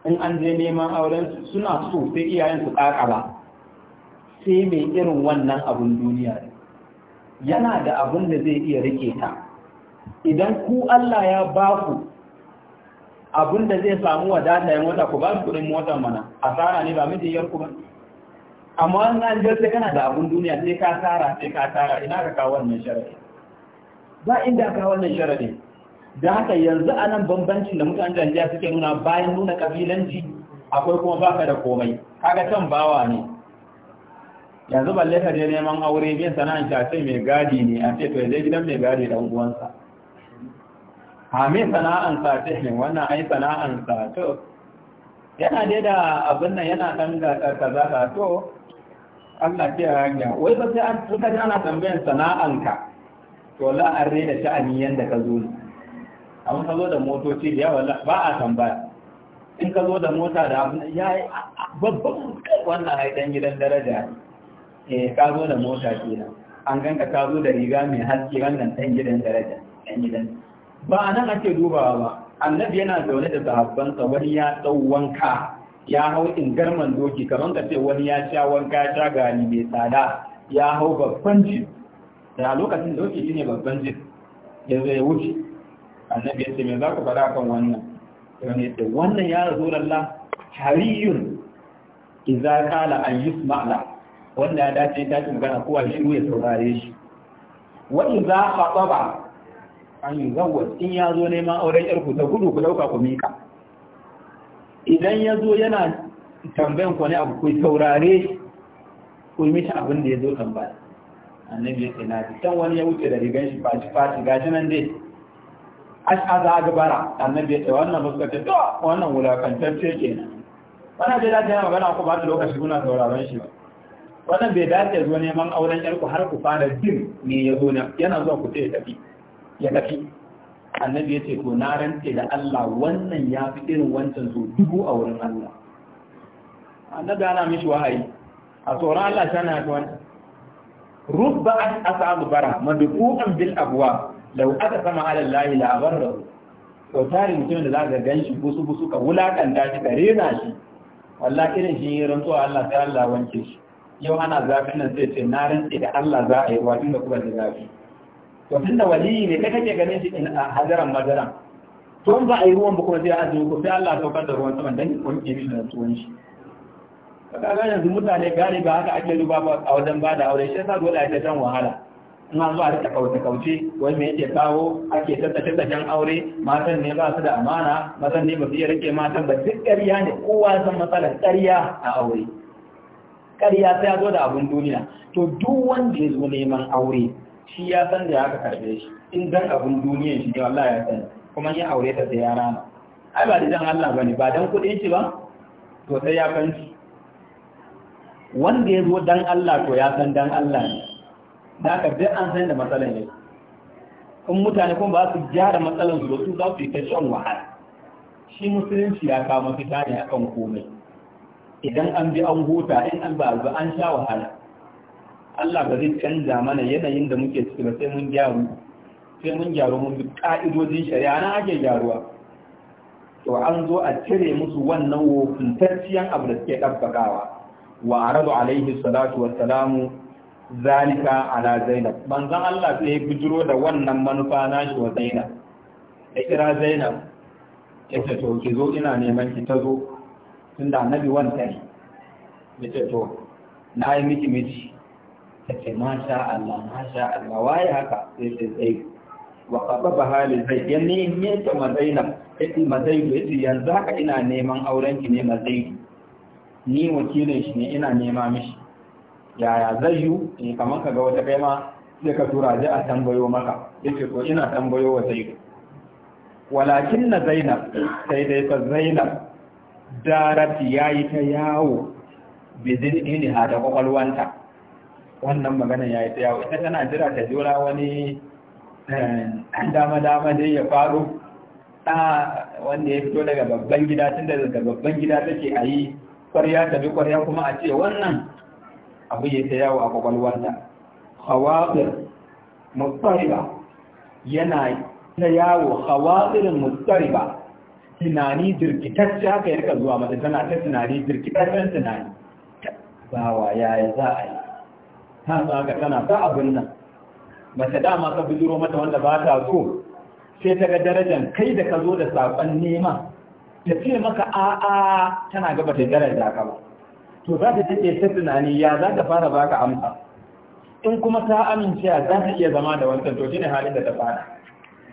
in an je neman auren suna so sai iyayen su ba. sai mai irin wannan abun duniya yana da abun da zai iya rike ta idan ku Allah ya ba ku abun da zai samu wadata ya mota ku ba su kudin motar mana asara ne ba mai jiyar ku ba amma wani an sai kana da abun duniya sai ka tsara sai ka tsara ina ka kawo wannan sharadi ba inda ka wannan sharadi da haka yanzu a nan bambancin da mutanen jahiliya suke nuna bayan nuna kabilanci akwai kuma baka da komai kaga can bawa ne yanzu balle ka je neman aure bin sana'an ta ce mai gadi ne a ce to je gidan mai gadi da uwansa ha mai sana'an sa ce ne wannan ai sana'an sa to yana dai da abin nan yana dan ga kaza ka to Allah ke ya hanya wai ba sai an tuka ana tambayan sana'anka to la an rena aniyan da ka zo ne abin ka zo da motoci da yawa ba a tambaya in ka zo da mota da abu ya yi babban wannan haidan gidan daraja eh ka zo da mota kenan an ganka ka zo da riga mai haske wannan ɗan gidan daraja ɗan gidan ba a nan ake dubawa ba annabi yana zaune da sahabbansa wani ya ɗau wanka ya hau in garman doki kamar ka ce wani ya sha wanka ya sha gari mai tsada ya hau babban jin da lokacin doki shine babban jin ya ya wuce annabi ya ce me za ku kan wannan irin ya wannan ya rasu lalla hariyun idza kala an la wanda ya dace ta ci magana kowa shi ya saurare shi wa idza khataba an yuzawwaj in ya zo neman auren yar ku ta gudu ku dauka ku mika idan ya zo yana tambayan ku ne abu ku saurare ku yi abin da ya zo tambaya annabi ya ce na ji wani ya wuce da rigan shi shi fati gashi nan dai ash'aza agbara annabi ya ce wannan ba ce to wannan wulakantacce kenan wannan bai dace yana magana ku ba ta lokaci kuna sauraron shi ba wannan bai dace zo neman auren yarku har ku fara jin me ya zo ne, yana zuwa ku ce ya tafi ya tafi annabi ya ce to na rantse da Allah wannan ya fi irin wancan zo dubu a wurin Allah annabi ana mishi wahayi a tsoron Allah shi ana yafi wannan rubba asabu bara madfu'an bil abwa lau aka sama alallahi labar da sau tari mutumin da za ka gan shi busu busu ka wulakanta shi ka rena shi walla irin shi yi rantsuwa Allah sai Allah wanke shi yau ana zafin nan sai ce na rantsi da Allah za a yi wa tun da kuma da zafi to tun da waliyi ne kai kake ganin shi a hadaran madaran to ba a yi ruwan ba kuma sai azumi ko sai Allah ya saukar da ruwan sama dan wanke mishi da tuwon shi kaga yanzu mutane gari ba haka ake duba a wajen bada aure shi yasa dole ake shan wahala ina zuwa rika kauce-kauce wai me yake kawo ake tattace tattaken aure matan ne ba su da amana matan ne ba su iya rike matan ba duk ƙarya ne kowa san matsalar ƙarya a aure ƙarya sai ya zo da abun duniya to duk wanda ya zo neman aure shi ya san da ka karbe shi in dan abun duniya shi ne wallahi ya san kuma ya aure ta sai ya rana ai ba da dan Allah bane ba dan kuɗin shi ba to sai ya kanci wanda ya zo dan Allah to ya san dan Allah ne da aka duk an san da matsalan ne in mutane kuma ba su gyara matsalan su su za su yi ta shan wahala shi musulunci ya kawo fita ne kan komai idan an bi an huta in an ba ba an sha wahala Allah ba zai canza mana yanayin da muke ciki ba sai mun gyaru sai mun gyaru mun bi ka'idojin shari'a na ake gyaruwa to an zo a cire musu wannan tarciyan abu da suke ɗabbakawa wa aradu alaihi salatu salamu. zalika ala zainab manzon Allah sai ya bijiro da wannan manufa nashi wa zainab ya kira zainab ya ce to ki zo ina neman ki ta zo tunda annabi wanta ne ya ce to na yi miki miji ta ce masha Allah masha Allah waye haka sai sai sai wa ba hali zai ya ne ne ta Zainab. ya ce mazaidu ya ce yanzu haka ina neman aurenki ne ma zainab ni wakilin shi ne ina nema mishi yaya zai yi in eh, kamar ka ga wata kai ma sai ka tura ji a tambayo maka yace ko ina tambayo wa zaidu walakin na zainab sai dai fa zainab darat yayi ta yawo bizin iliha da kwakwalwanta wannan magana yayi ta yawo ita tana jira ta jira wani eh, dama-dama dai ya faru ɗa wanda ya fito daga babban gida tun daga babban gida take a yi ƙwarya ta bi ƙwarya kuma a ce wannan abu ya ta yawo a kwakwalwarta hawaɗir mustariba yana ta yawo hawaɗirin mustariba tunani jirkitacce haka yarka zuwa mata tana ta tunani jirkitaccen tunani bawa ya za a yi ta tsaka tana ta abin nan mace dama ka bijiro mata wanda ba ta so sai ta ga darajar kai da ka zo da saƙon nema ta ce maka a'a tana gaba ta daraja ka ba to za ta take ta tunani ya za ta fara baka amsa in kuma ta amince za ta iya zama da wancan to shine halin da ta fara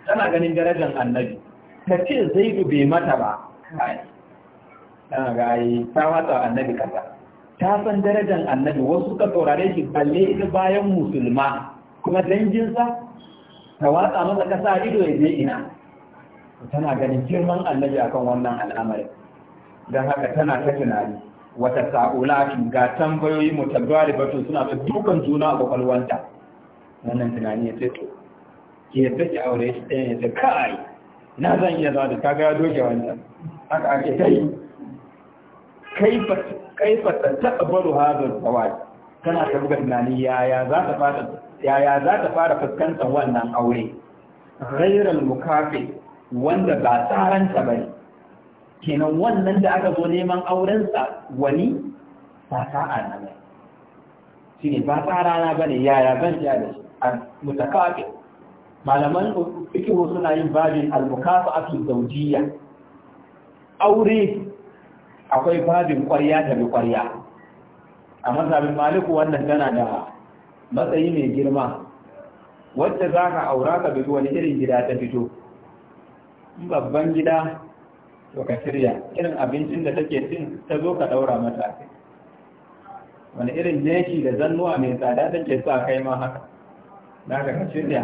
tana ganin darajar annabi ka ce zaidu bai mata ba tana ga ai ta watsa annabi kaza ta san darajar annabi wasu ka saurare shi balle ita bayan musulma kuma danginsa ta watsa masa kasa ido ya je ina tana ganin girman annabi akan wannan al'amarin don haka tana ta tunani wata sa'ulatin ga tambayoyi ba to suna ta dukan juna a kwakwalwanta wannan tunani ya ce to? Ke yadda ke aure shi ɗaya ya ce kai na zan iya zama da kaga ya doke wanda? haka ake ta yi kaifa ta taɓa baro hazar zawaj tana ta buga tunani yaya za ta fara za ta fara fuskantar wannan aure ghairal mukafi wanda ba tsaranta bane kenan wannan da aka zo neman aurensa wani ba sa'a na mai shi ne ba tsara na ba ne yaya ban ya da shi a mutakafi malaman fikihu suna yin babin almukafa a su zaujiya aure akwai babin kwarya da bi kwarya a mazabin maliku wannan tana da matsayi mai girma wadda za ka aura ka bi wani irin gida ta fito babban gida to ka shirya irin abincin da take cin ta zo ka ɗaura mata wani irin neki da zannuwa mai tsada take sa kai ma haka na ka shirya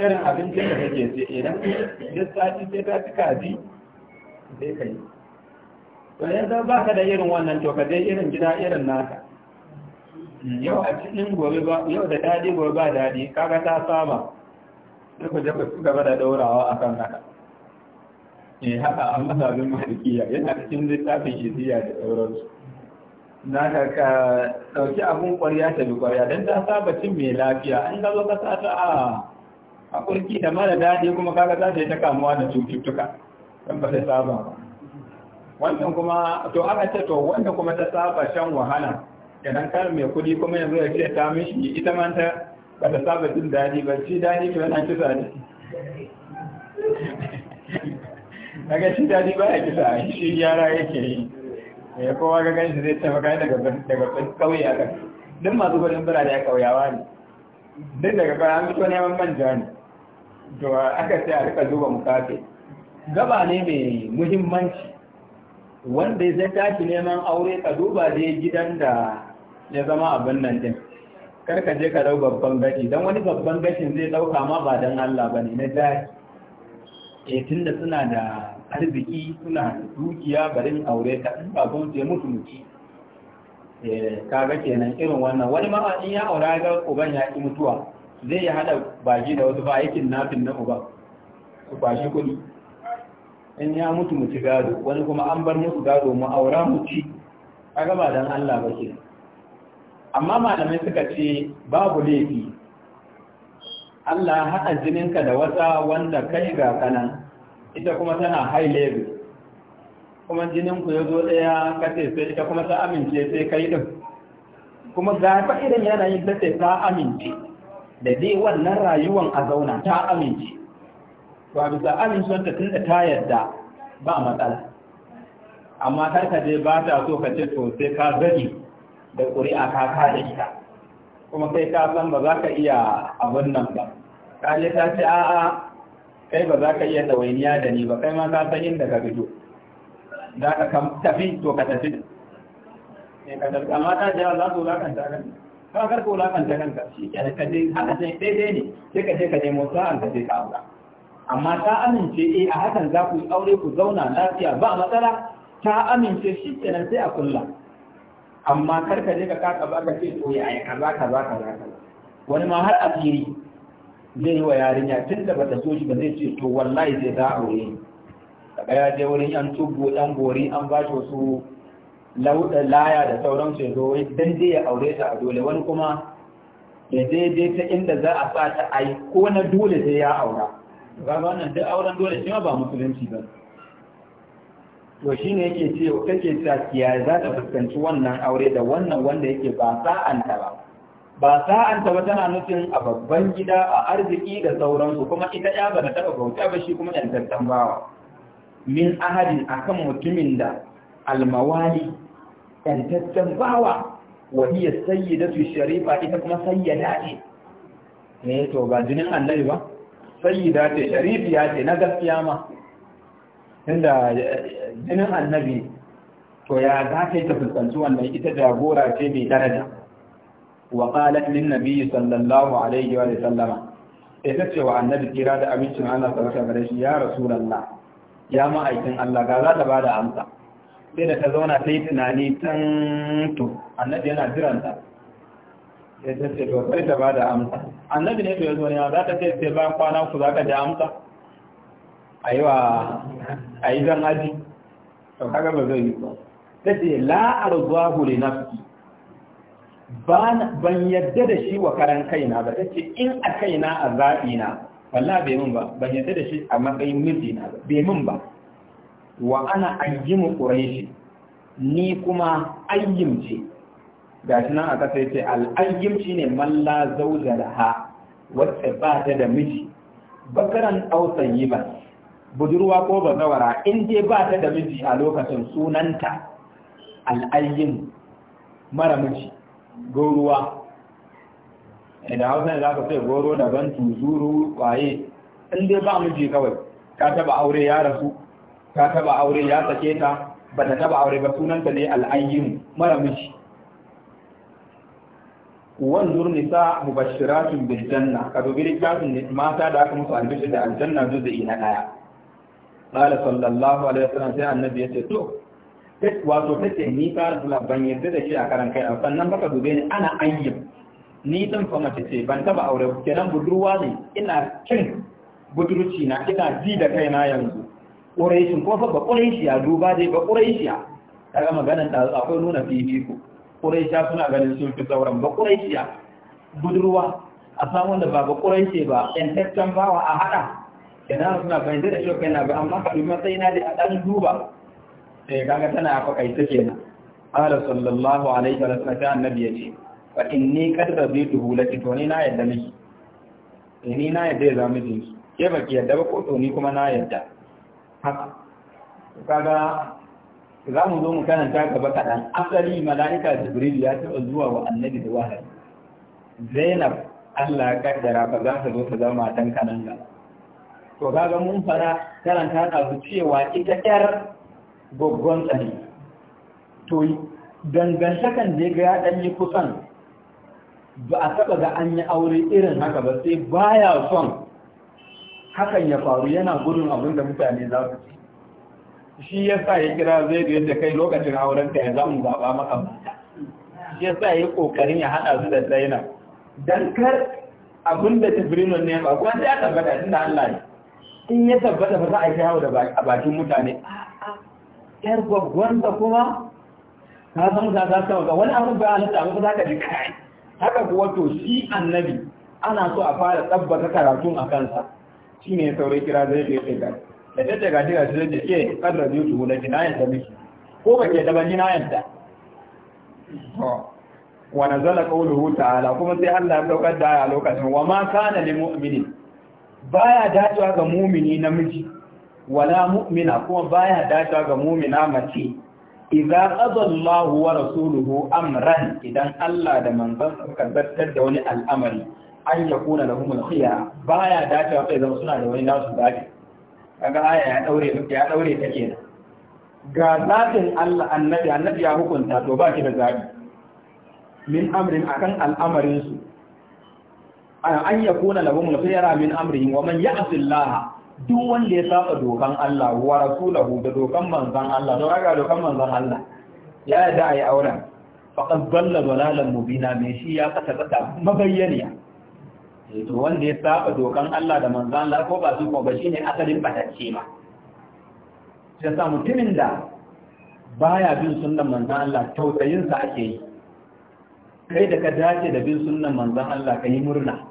irin abincin da take ce idan duk sati sai ta cika ji sai ka yi to yanzu ba ka da irin wannan to ka dai irin gida irin naka yau a cikin gobe ba yau da dadi gobe ba dadi kaga ta saba duk da ku gaba da ɗaurawa akan haka eh haka an bin mahaifiya yana cikin littafin iziya da sauransu na ka ka ɗauki abin ƙwarya ta bi ƙwarya don ta saba cin mai lafiya an ga zo ka sa ta a a da mara daɗi kuma kaga za ta yi ta kamuwa da cututtuka don ba ta saba ba wannan kuma to aka ce to wanda kuma ta saba shan wahala idan kar mai kuɗi kuma yanzu ya ce ta mishi ita ma ta ba ta saba jin daɗi ba ci daɗi to yana kisa ne Daga shi daji ba ya kisa shi gyara yake yi ya eh, kowa ga ganshi zai tafi daga daga kauye aka duk masu gudun birane ya kauyawa ne duk daga kauye an fito neman manja ne to aka sai a rika duba mukafe gaba ne mai muhimmanci wanda ya tashi neman aure ka duba zai gidan da ya zama abin nan din kar ka je ka dau babban gashi Don wani babban gashin zai dauka ma ba don Allah ba ne na da eh tunda suna da arziki suna dukiya bari aure ta in ba sun ce mutu mutu eh, kaga kenan irin wannan wani ma in ya aura ga uban ya ki mutuwa zai ya hada baki da wasu ba nafin na uba su kwashi kuɗi in ya mutu mu ci gado wani kuma an bar mutu gado mu aura mu ci kaga ba dan Allah ba ke amma malamai suka ce babu laifi Allah haɗa jininka da wata wanda kai ga kanan ita kuma tana high level kuma jinin ku ya zo ɗaya ce sai ita kuma ta amince sai kai ɗin kuma ga fa irin yanayin da ta amince da dai wannan rayuwan a zauna ta amince a bisa amincewar ta tunda ta yarda ba matsala amma har ka je ba ta so ka ce to sai ka zagi. da ƙuri'a ka ka da ita kuma kai ka san ba za ka iya abin nan ba ka ta ce a'a kai ba za ka iya ɗawainiya da ni ba kai ma ka san inda ka fito za ka tafi to ka tafi ne eh, ka tafi amma ta jira za su wulakanta kan ka karka wulakanta kanka shi ke ka je haka sai daidai ne sai ka je ka nemo sa'an ka je ka aura amma ta amince eh a hakan za ku yi aure ku zauna lafiya ba matsala ta amince shi kenan sai a kulla amma karka je ka kaka ba ka ce to ya kaza kaza kaza wani ma har asiri zai yi wa yarinya tun da bata so shi ba zai ce to wallahi zai za a aure daga ya je wurin yan tubu dan gori an ba shi wasu eh, laya da sauran su zo dan dai ya aure ta a dole wani kuma ya dai ta inda za a sa ta ai ko na dole sai ya aura ba nan duk auren dole shi ma ba musulunci ba to shi ne yake ce kake ta kiyaye za ta fuskanci wannan aure da wannan wanda yake ba sa'anta ba ba sa'anta ba tana nufin a babban gida a arziki da sauransu kuma ita ya ba da taɓa bauta ba shi kuma yantattan bawa min ahadin akan mutumin da almawali yantattan bawa da su sharifa ita kuma da ce ne eh, to ba jinin annabi ba sayyida ce ya ce na gaskiya ma tunda eh, jinin annabi to ya za ta yi ta fuskanci wannan ita jagora ce mai daraja wa qalat lin nabiy sallallahu alaihi wa sallama ita ce wa annabi kira da abincin ana sallallahu alaihi shi ya rasulullah ya ma aikin Allah ga za ta bada amsa sai da ta zauna ta yi tunani tantu annabi yana jiranta ya ta ce to sai ta bada amsa annabi ne to ya zo ne za ta ce sai bayan kwana za ka ji amsa a yi wa a yi zan aji to kaga ba zai yi ba ta ce la arzahu li nafsi ban yadda da shi wa karan kaina ba ta in a kaina a zaɓina wallah bai min ba ban yadda da shi a matsayin mijina ba bai min ba wa ana ayyimu ƙuraishi ni kuma ayyimce ce ga shi nan a ƙasa ce al'ayyim shi ne malla zauja da ha wacce ba ta da miji bakaran ɗausan yi ba budurwa ko bazawara in je ba ta da miji a lokacin sunanta al'ayyim mara miji goruwa da hausa ne za ka ce goro daban tuzuru Waye? in dai ba miji kawai ka taba aure ya rasu ka taba aure ya sake ta ba ta taba aure ba sunanta ne al'ayyin mara miji wanzur nisa mubashiratun bil janna ka dubi littafin mata da aka musu albishir da aljanna zuwa ina daya qala sallallahu alaihi wasallam sai annabi ya ce to wato take ni fara sula ban yarda da shi a karan kai sannan baka dube ni ana ayyam ni din fa mace ce ban taba aure kenan budurwa ne ina kin budurci na ina ji da kai na yanzu ƙureshin ko fa ba ƙureshiya duba dai ba ƙureshiya kaga maganar da akwai nuna fifiko ƙureshiya suna ganin sun fi sauran ba ƙureshiya budurwa a samun da ba ba ƙureshe ba ƴantaccen bawa a haɗa kenan suna ganin da shi kai na ba amma ka matsayi na da a ɗan duba eh kaga tana ce na? ala sallallahu alaihi wa sallam sai annabi ya ce fa inni qad rabitu hulati to ni na yadda miki ni na yadda ya zama jinki ke baki yadda ba ko to ni kuma na yadda haka kaga za mu zo mu karanta gaba kaɗan asali mala'ika jibril ya taɓa zuwa wa annabi da wahayi zainab allah ya kaddara ba za ta zo ta zama matan kanan ga to kaga mun fara karanta ta su cewa ita ƴar gwaggon tsari to dangantakan da ga ya ɗanyi kusan ba a taɓa ga an yi aure irin haka ba sai baya son hakan ya faru yana gudun abin da mutane za su shi ya sa ya kira zai da yadda kai lokacin auren ka ya za mu zaɓa maka ba. shi ya sa ya ƙoƙarin ya haɗa su da zainab don kar abin da tabirinin ne ba sai ya tabbata tun da Allah ne in ya tabbata ba za a yi hau da bakin mutane yar da kuma ka san za ka ga wani abin ba halatta abin za ka ji kai haka kuwa to shi annabi ana so a fara tabbata karatun a kansa ne ya saurai kira zai da yake gari da ta daga daga su zai ke kadar biyu su na jinayen miki ko ba ke daban na yanta wa nazala qawluhu ta'ala kuma sai Allah ya daukar da a lokacin wa ma kana lil mu'mini baya dacewa ga mu'mini namiji wala mu'mina kuma baya dacewa ga mu'mina mace idza qada Allahu wa rasuluhu amran idan Allah da manzon suka zartar da wani al'amari an yakuna lahum al khiya baya dacewa sai idan suna da wani nasu zabi kaga aya ya daure ya daure ta kenan ga zatin Allah annabi annabi ya hukunta to baki da zabi min amrin akan al'amarin su an yakuna lahum al-khiyara min amrihim wa man ya'sil Allah duk wanda ya saba dokan Allah wa rasulahu da dokan manzon Allah da kaga dokan manzon Allah ya yarda ayi auren faqad dalla dalalan mubina me shi ya kasa kata mabayyaniya eh, to wanda ya saba dokan Allah da manzon Allah ko ba su ko ba shine asalin batacce ma sai sa mutumin da baya bin sunnan manzon Allah tausayin sa ake yi kai da ka dace da bin sunnan manzon Allah kai murna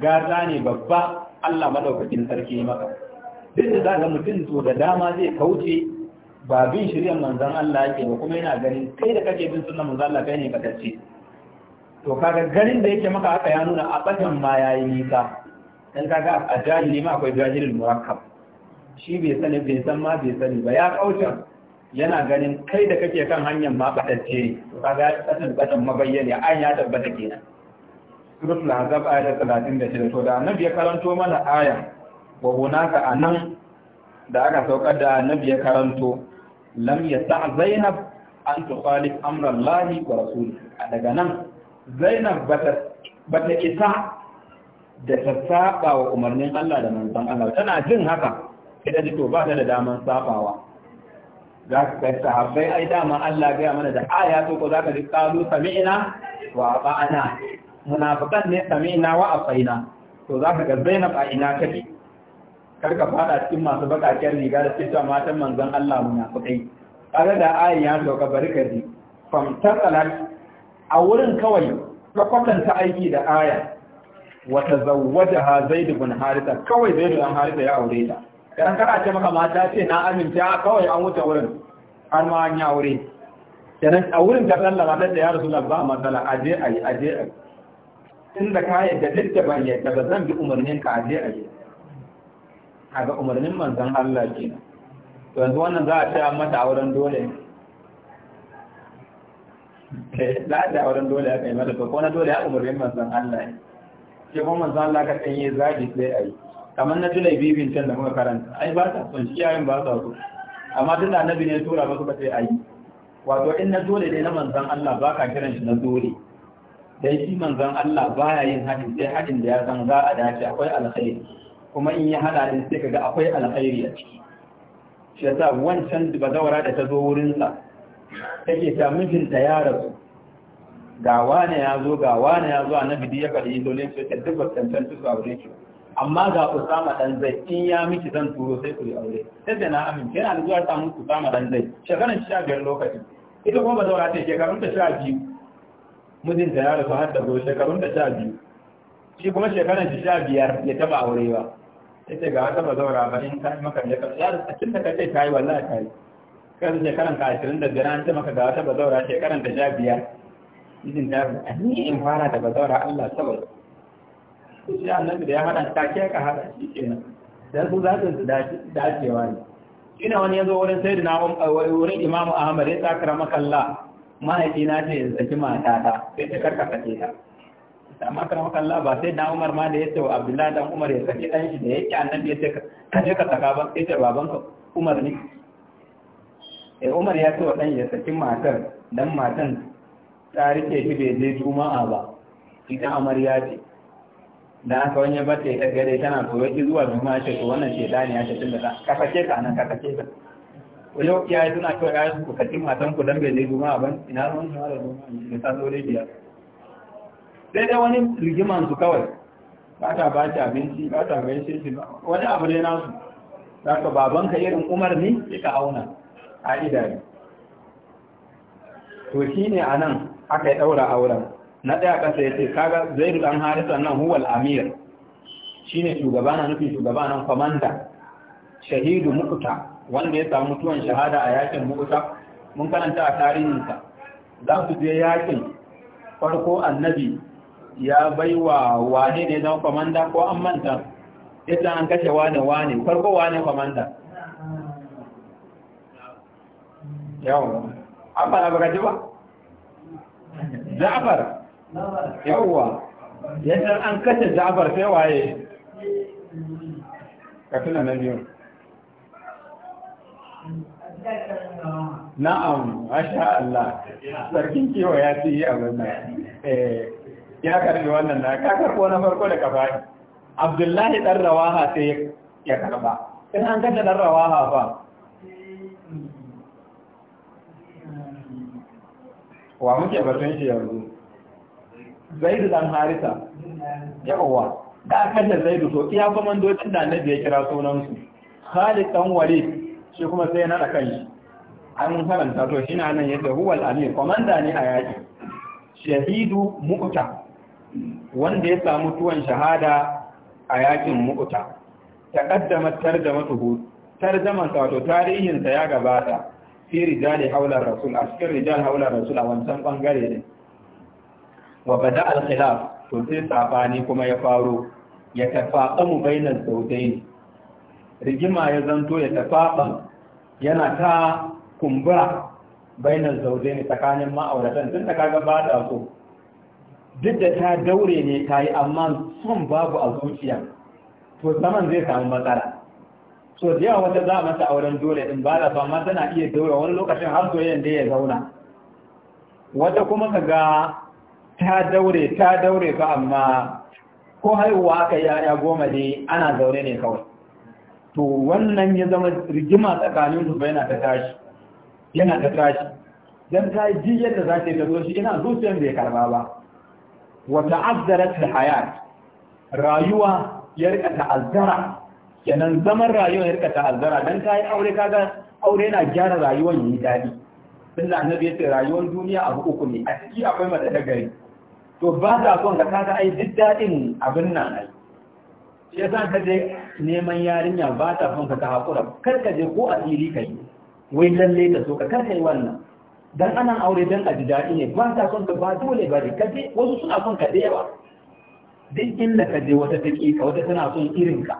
gaza ne babba Allah madaukakin sarki maka duk da ga mutum to da dama zai kauce ba bin shirya manzan Allah yake ba kuma yana ganin kai da kake bin sunan manzon Allah kai ne ka tace to kaga ganin da yake maka aka ya nuna a bakin ma yayi nisa dan kaga a jahili ma akwai jahilul murakkab shi bai sani bai san ma bai sani ba ya kauce yana ganin kai da kake kan hanyar ma ba tace to kaga ya tsatsin batsan mabayyana an ya tabbata kenan suratul azab aya ta 36 to da annabi ya karanto mana aya wa hunaka anan da aka saukar da annabi ya karanto lam yasa zainab an tukhalif amra allahi wa rasulihi daga nan zainab bata bata isa da ta saba wa umarnin Allah da manzon Allah tana jin haka idan to ba ta da daman sabawa za ka kai sahabbai ai dama Allah ga mana da aya to ko za ka ji qalu sami'na wa ba'ana munafikan ne sami'na wa afaina to za ka ga Zainab a ina kake karka fada cikin masu bakakken riga da cewa matan manzon Allah munafikai kaga da ayin ya sauka bari ka ji fam tasalat a wurin kawai ka kwatanta aiki da aya wa tazawwajaha zaid ibn haritha kawai zaid ibn haritha ya aure ta kan kana ce maka mata ce na aminta kawai an wuce wurin an ma an yi aure kenan a wurin ta sallama da ya rasulullah ba matsala aje aje ai tunda ka yadda duk da ban yadda ba zan bi umarnin ka aje aje kaga umarnin manzon Allah ke to yanzu wannan za a ta mata auren dole eh, za a ta auren dole aka yi mata to ko na dole ya umarnin manzon Allah ne ke kuma manzon Allah ka tsanye zagi sai ai kamar na tulai bibin can da kuma karanta ai ba ta son shi yayin ba sa so amma tun da annabi ne tura ba su ba sai ai wato in na dole ne na manzon Allah ba ka kiran shi na dole dai shi manzon Allah baya yin hadin sai hadin da ya san za a dace akwai alkhairi kuma in ya hada din sai kaga akwai alkhairi a ciki shi yasa wancan bazawara da ta zo wurin sa take ta mijinta ya rasu ga wani ya zo ga wani ya zo annabi dai ya faɗi dole sai ta duba tantan su aure ki amma ga Usama dan zai in ya miki zan turo sai ku yi aure sai da na amince yana zuwa samun Usama dan zai shekaran 15 lokacin ita kuma bazawara ta shekarun ta 12 mijinta ya rasu har da gobe shekarun da sha biyu shi kuma shekaran shi sha biyar ya taba aure ba ya ce ga wata bazaura ba in kai maka ya ya a cikin da kace kai wallahi kai kan shekaran ka ashirin da biyar an ce maka ga wata bazaura shekaran da sha biyar mijin ta rufe ni in fara da zaura Allah saboda shi annabi da ya hada ta ke ka hada shi kenan dan su za su dacewa ne ina wani ya zo wurin sayyidina wurin imamu ahmad ya tsakara maka Allah mahaifina ce ya saki matata sai ta karka ce ta amma kan wakan la ba sai na Umar ma da yace wa Abdullahi dan Umar ya saki dan shi da yake annabi yace ka je ka saka ba sai baban ka Umar ne eh Umar ya ce wa dan ya saki matar dan matan ta rike shi bai je juma'a ba ita amarya ce da aka wani ya bata ya gare tana koyo zuwa juma'a ce to wannan ce ne ya ce tun da ka sake ka nan ka kace ka ku yau iyaye suna kyau ya su ku kaɗi matan ku dan bai je juma'a ban ina ruwan shi mara juma'a ne ta zo dai biya sai dai wani rigiman su kawai ba ta ba ta abinci ba ta gaishe shi wani abu dai nasu za ka babanka irin umar ne sai ka auna a idanu to shine anan aka yi ɗaura auren na ɗaya ƙasa ya ce kaga zai ɗan harisa nan huwal amir shi ne shugaba na nufin shugaba nan kwamanda shahidu mukuta wanda ya samu mutuwan shahada a yakin mu'uta mun karanta a tarihinsa za su je yakin farko annabi ya baiwa wane ne don kwamanda ko an manta ita an kashe wane wane farko wane kwamanda yawon an fara baka ji ba za'abar yawwa yadda an kashe za'abar sai waye ka tuna na biyu na'am masha Allah sarkin kewa ya ce yi abin nan eh, ya karbi wannan na ka karbo na farko da ka bani abdullahi dan rawaha sai ya karba in an kada dan rawaha ba wa muke batun shi yanzu zaidu ɗan harisa yawa da aka da zaidu to iya komandocin da annabi ya kira sunansu khalid ɗan walid shi kuma sai na da shi an karanta to shi na nan yadda huwal amir komanda ne a yaki shahidu mu'ta wanda ya samu tuwon shahada a yakin mu'ta taqaddamat tarjamatuhu tarjaman sa wato tarihin sa ya gabata fi rijali haular rasul a cikin rijal haular rasul a wancan bangare ne wa bada al-khilaf to sai sabani kuma ya faro ya tafaqamu bainal zawjayn rigima ya zanto ya tafaqamu yana ta kumbura bainar zaune ne tsakanin ma'auratan tun da kaga ba da so duk da ta daure ne ta yi amma son babu a zuciya to zaman zai samu matsala so da yawa wata za a mata auren dole in ba da fama tana iya daure wani lokacin har soyayyen da ya zauna wata kuma ka ga ta daure ta daure fa amma ko haihuwa aka yaya goma ne ana zaune ne kawai to wannan ya zama rigima tsakanin su yana ta tashi yana ta tashi dan ta ji yadda za ta yi tazo shi ina zuciyar da ya karba ba Wata azzarar da hayat rayuwa ya rika ta'azzara kenan zaman rayuwa ya rika ta'azzara don ta yi aure kaga aure yana gyara rayuwar yi daɗi. sun da annabi ya ce rayuwar duniya abu uku ne a ciki akwai mata ta gari to ba ta son ka kaga ai duk daɗin abin nan ai shi yasa ka je neman yarinya ba ta fanka ta haƙura kar ka je ko a tsiri ka yi wai lalle ta so ka kar ka yi wannan dan ana aure dan a ji daɗi ne ba ta son ka ba dole ba ka je wasu suna son ka da yawa duk inda ka je wata ta ka wata tana son irin ka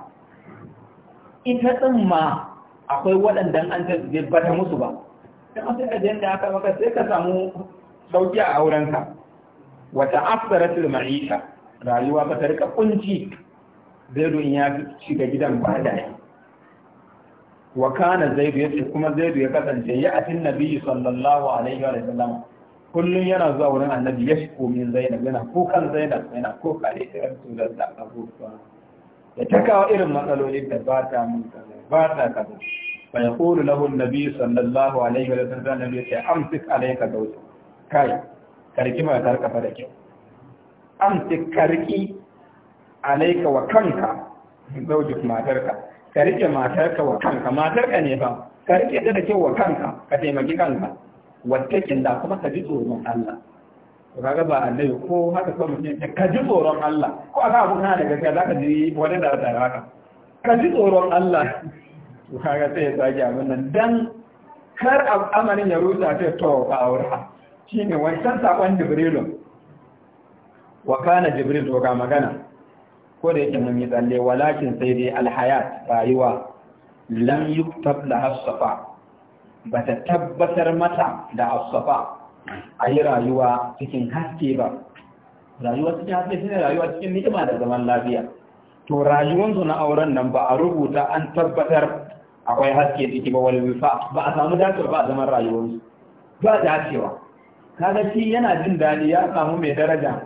ita din ma akwai waɗanda an ta je ba ta musu ba sai ka je da aka maka sai ka samu sauki a aurenka wata afsaratul ma'isha rayuwa ba ta rika kunci zaidu ya shiga gidan ba da shi wa kana zaidu yace kuma zaidu ya kasance ya atin nabiyyi sallallahu alaihi wa sallam kullun yana zuwa wurin annabi ya shiko min zainab yana kukan zainab yana ko kare ta rasulullah da abubuwa ya takawa irin matsalolin da ba ta mun ba ta kaza fa yaqulu lahu an-nabi sallallahu alaihi wa sallam nabi ce amsik alayka zawj kai karki ma karka fa da kyau amsik karki alaika wa kanka zaujuk matarka ka rike matarka wa kanka matarka ne ba. ka rike ta da kyau wa kanka ka taimaki kanka wattakin da kuma ka ji tsoron Allah to kaga ba annabi ko haka ko mutum ka ji tsoron Allah ko aka abu kana daga kai zaka ji wani da da haka ka ji tsoron Allah to kaga sai ya sake abin nan dan kar amarin ya rusa ta to ka aura shine wancan sakon Jibrilu wa kana Jibril to ga magana ko da yake mun yi tsalle walakin sai dai alhayat rayuwa lam yuktab la safa ba ta tabbatar mata da asafa a yi rayuwa cikin haske ba rayuwa cikin haske shine rayuwa cikin ni'ima da zaman lafiya to rayuwansu na auren nan ba a rubuta an tabbatar akwai haske ciki ba wani wifa ba a samu dacewa ba a zaman su. ba dacewa kaga shi yana jin daɗi ya samu mai daraja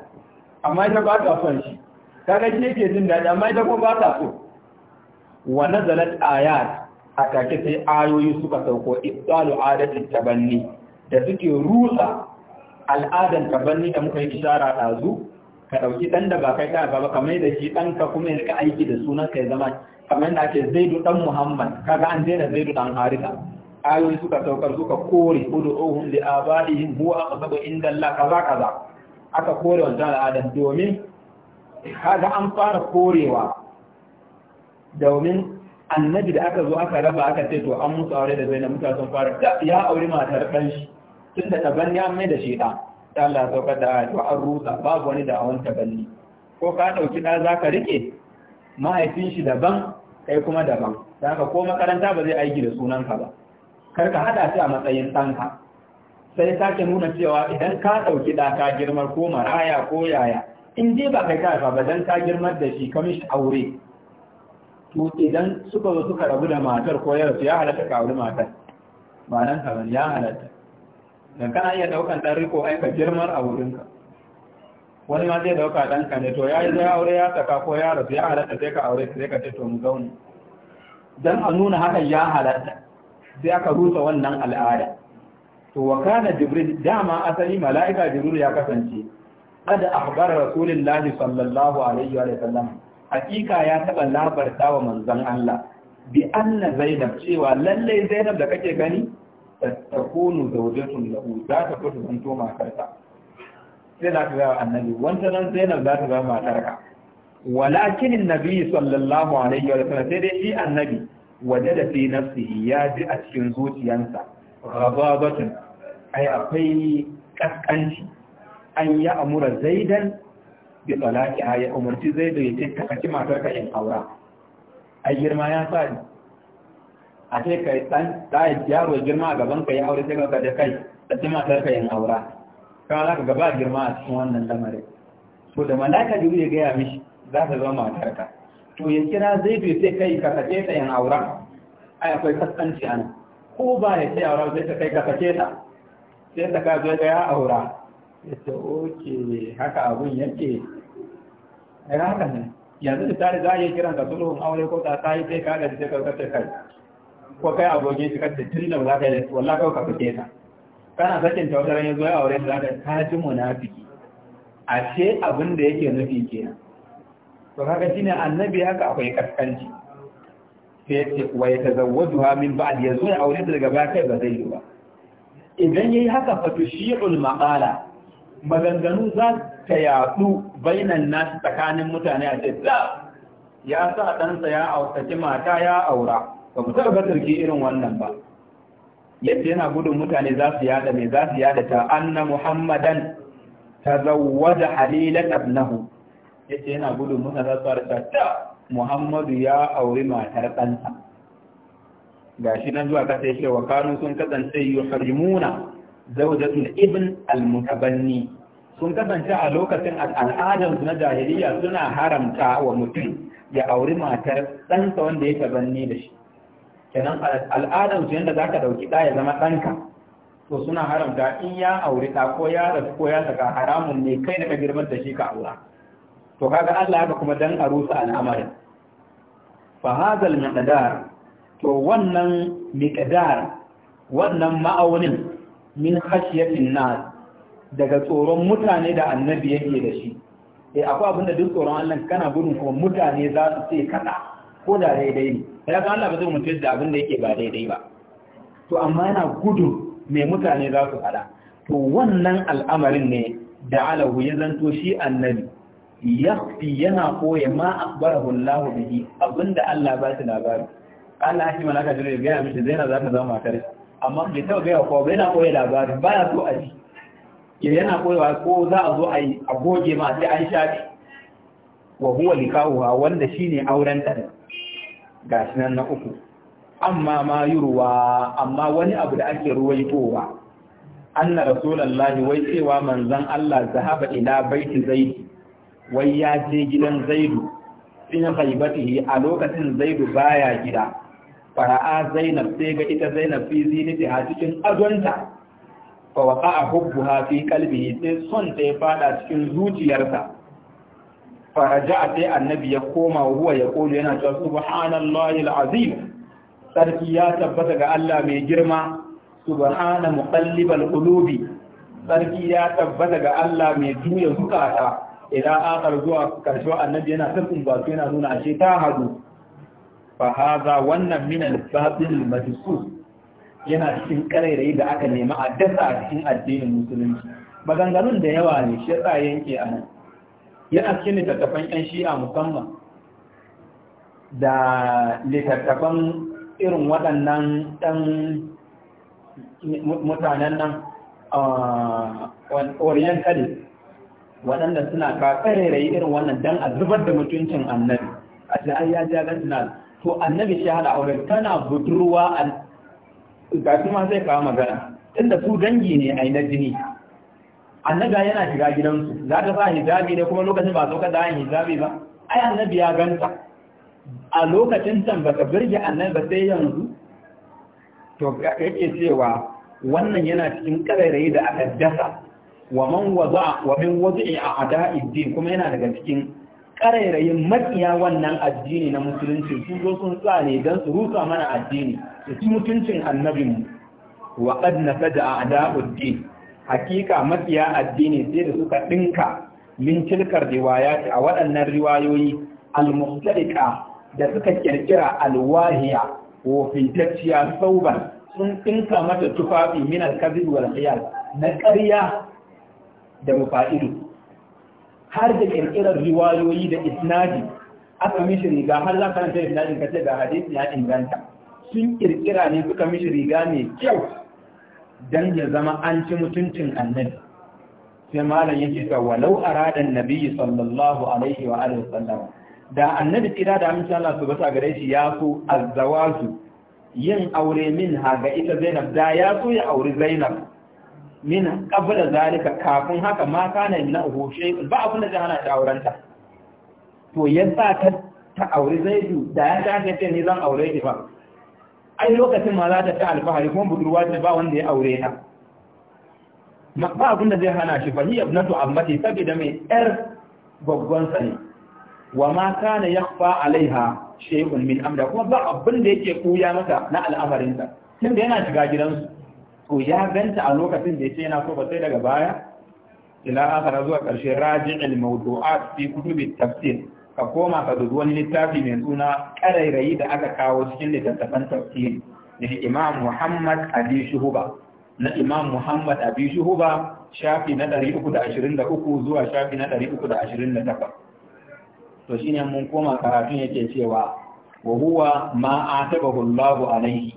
amma ita ba ta son shi kaga shi yake jin daɗi amma ita kuma ba ta so wa nazalat ayat a take sai ayoyi suka sauko ibdalu adatin tabanni da suke rusa al'adan tabanni da muka yi isharar dazu ka ɗauki ɗan da ba kai ka ba kamar da shi dan ka kuma ka aiki da sunan ka ya zama kamar yadda ake zaidu ɗan muhammad kaga an daina zaidu dan harita ayoyi suka saukar suka kore ohun li abaihim huwa aqsabu inda Allah kaza kaza aka kore wannan al'adan domin kaga an fara korewa domin annabi da aka zo aka raba aka ce to an musu aure da zainab mutane sun fara ya aure matar ɗan shi tun da tabanni ya mai da sheda dan saukar da to an rusa babu wani da awon tabanni ko ka ɗauki ɗa za ka mahaifin shi daban kai kuma daban za ko makaranta ba zai aiki da sunanka ba kar ka haɗa shi a matsayin ɗanka sai sake nuna cewa idan ka ɗauki ɗa ka girmar ko maraya ko yaya in dai ba kai kafa ba dan ta girmar da shi kamar shi aure to idan suka zo suka rabu da matar ko yau su, ya halatta ka aure matar ba nan ka ya halatta dan kana iya daukan dan riko ai ka girmar a ka. wani ma zai dauka dan ka ne to yayi zai aure ya saka ko ya rabu ya halatta sai ka aure sai ka ce to mu zauna dan a nuna hakan ya halatta sai aka rusa wannan al'ada to wa kana jibril dama asali mala'ika jibril ya kasance Ada akhbar rasulullahi sallallahu alaihi wa hakika ya taɓa labarta wa manzon Allah bi anna zainab cewa lalle zainab da kake gani tattakunu zawjatun lahu za ta fito zanto matarsa sai za ta zama annabi wanda nan zainab za ta zama matarka walakin annabi sallallahu alaihi wa sai dai shi annabi wajada fi nafsihi ya ji a cikin zuciyansa ghababatun ai akwai kaskanci an yi amura zaidan bi talaqiha ya umarci zaidan ya ce ka kaci matar ka in aura a girma ya sa ni a ce kai dan yi yaro girma a gaban ka ya aure sai ka da kai kaci matar ka in aura ka za ka gaba girma a cikin wannan lamari to da malaka jibril ya gaya mishi za ta zama matar ka to ya kira zaidu ya ce kai ka kace ta in aura ai akwai kaskanci ana ko ba ya ce aura zai ta kai ka kace ta sai ta ka zo ga ya aura ya oke haka abun yake haka ne yanzu da tare za a yi kiran ka sulhun aure ko ta yi sai ka da sai ta kai ko kai abokin shi kace tun da za ka yi wallah kawai ka fice ka? kana sakin ta wata ranar zuwa aure za ka ka ji munafiki ashe abin da yake nufi kenan to kaga shine annabi haka akwai kaskanci sai ya ce wa yatazawwajuha min ba'd yazo ya aure daga baya kai ba zai yi ba idan yayi haka fa tushi'ul maqala maganganu za ta yaɗu bainan nasu tsakanin mutane a jidda ya sa ɗansa ya autaki mata ya aura ba mu taɓa sarki irin wannan ba yadda yana gudun mutane za su yada mai za su yada ta anna muhammadan ta zawwada halilan abnahu yadda yana gudun mutane za su fara ta muhammadu ya auri matar ɗansa gashi nan zuwa kasa yake wa kanu sun kasance harimuna. zaujatun ibn al-mutabanni sun kasance a lokacin al'adar na jahiliya suna haramta wa mutum ya auri matar ɗansa wanda ya tabanni da shi kenan al'adar su yadda ka ɗauki ɗaya zama ɗanka to suna haramta in ya auri ɗa ko ya rasu ko ya saka haramun ne kai daga girman da shi ka aura to kaga Allah haka kuma dan a rusa al'amarin fa hadal miqdar to wannan miqdar wannan ma'aunin min khashyatin nas daga tsoron mutane da annabi yake da shi eh akwai abin da duk tsoron Allah kana gudun kuma mutane za su ce kada ko da daidai ne ya ga Allah ba zai mutunta da abin da yake ba daidai ba to amma yana gudun me mutane za su fada to wannan al'amarin ne da alahu ya zanto shi annabi yafi yana koya ma akbarahu Allah bihi abinda Allah ba shi labari Allah shi malaka jira ya ga mishi zaina za ta zama matar shi amma bai ta gaya ko ba na koya labarin ba ya so a ji ya yana koyawa ko za a zo a yi a goge ma sai an shafi wa huwa wanda shine auren ta ga shi na uku amma ma yurwa amma wani abu da ake ruwa ruwaitowa anna rasulullahi wai cewa manzan Allah zahaba ila baiti zaidi wai ya je gidan zaidu in ghaibatihi a lokacin zaidu baya gida fara'a zainab sai ga ita zainab fi zinati ha cikin azonta fa a hubbuha fi qalbihi sai son ta ya fada cikin zuciyarsa faraja'a sai annabi ya koma huwa ya kulu yana cewa subhanallahi alazim sarki ya tabbata ga Allah mai girma subhana muqallibal qulubi sarki ya tabbata ga Allah mai juya zukata idan akar zuwa karshe annabi yana tafin ba yana nuna ashe ta hadu fahaza wannan minan babin majisus yana cikin karairayi da aka nema a dasa a cikin addinin musulunci maganganun da yawa ne shi yasa yanke a nan yana cikin littattafan yan shi'a musamman da littattafan irin waɗannan ɗan mutanen nan ah, orientalist waɗanda suna ka karairayi irin wannan don a zubar da mutuncin annabi a ji an yaji ya to annabi shi hada auren tana budurwa ga kuma zai kawo magana inda su dangi ne a na jini Annaga yana shiga gidansu za ta sa hijabi ne kuma lokacin ba sauka da yin hijabi ba ai annabi ya ganta a lokacin can ka birge annabi ba sai yanzu to yake cewa wannan yana cikin karairayi da aka dasa wa man waza wa min wazi'i a din kuma yana daga cikin ƙarairayin matsiya wannan addini na musulunci sun zo sun sa ne don su rusa mana addini su ci mutuncin annabinmu wa fada a a'da'uddin hakika matsiya addini sai da suka ɗinka min tilkar a waɗannan riwayoyi al da suka ƙirƙira alwahiya wofintacciya sauban sun ɗinka mata tufafi min alkazib wal na ƙarya da mufa'idu har da ƙirƙirar riwayoyi da isnadi aka mishi riga har za karanta isnadin ka ce ga hadisi ya inganta sun ƙirƙira ne suka mishi riga mai kyau dan ya zama an ci mutuncin annabi sai malam yake cewa walau aradan nabiyyi sallallahu alaihi wa alihi wasallam da annabi kira da amsa Allah su bata gare shi ya so azzawazu yin aure min ha ga ita Zainab da ya so ya auri Zainab min da zalika kafin haka ma kana min uhu shay'un ba abin da zai hana ta aurenta to yasa ta ta aure zaidu da ya ta ce ni zan aure ki ba ai lokacin ma za ta ta alfahari kuma budurwa ce ba wanda ya aure ta ba abin da zai hana shi fa hiya ibnatu ammati saboda mai yar babban sa ne wa ma kana fa alaiha shay'un min amra kuma ba abin da yake kuya mata na al'amarin Tun da yana shiga gidansu to ya ganta a lokacin da ya yace yana so ba sai daga baya ila akhara zuwa karshe rajin raji'il mawdu'at fi kutubi tafsir ka koma ka dubi wani littafi mai suna karairayi da aka kawo cikin littattafan tafsir da Imam Muhammad Abi Shuhuba na Imam Muhammad Abi Shuhuba shafi na 323 zuwa shafi na 328 to shine mun koma karatun yake cewa wa huwa ma atabahu Allahu alaihi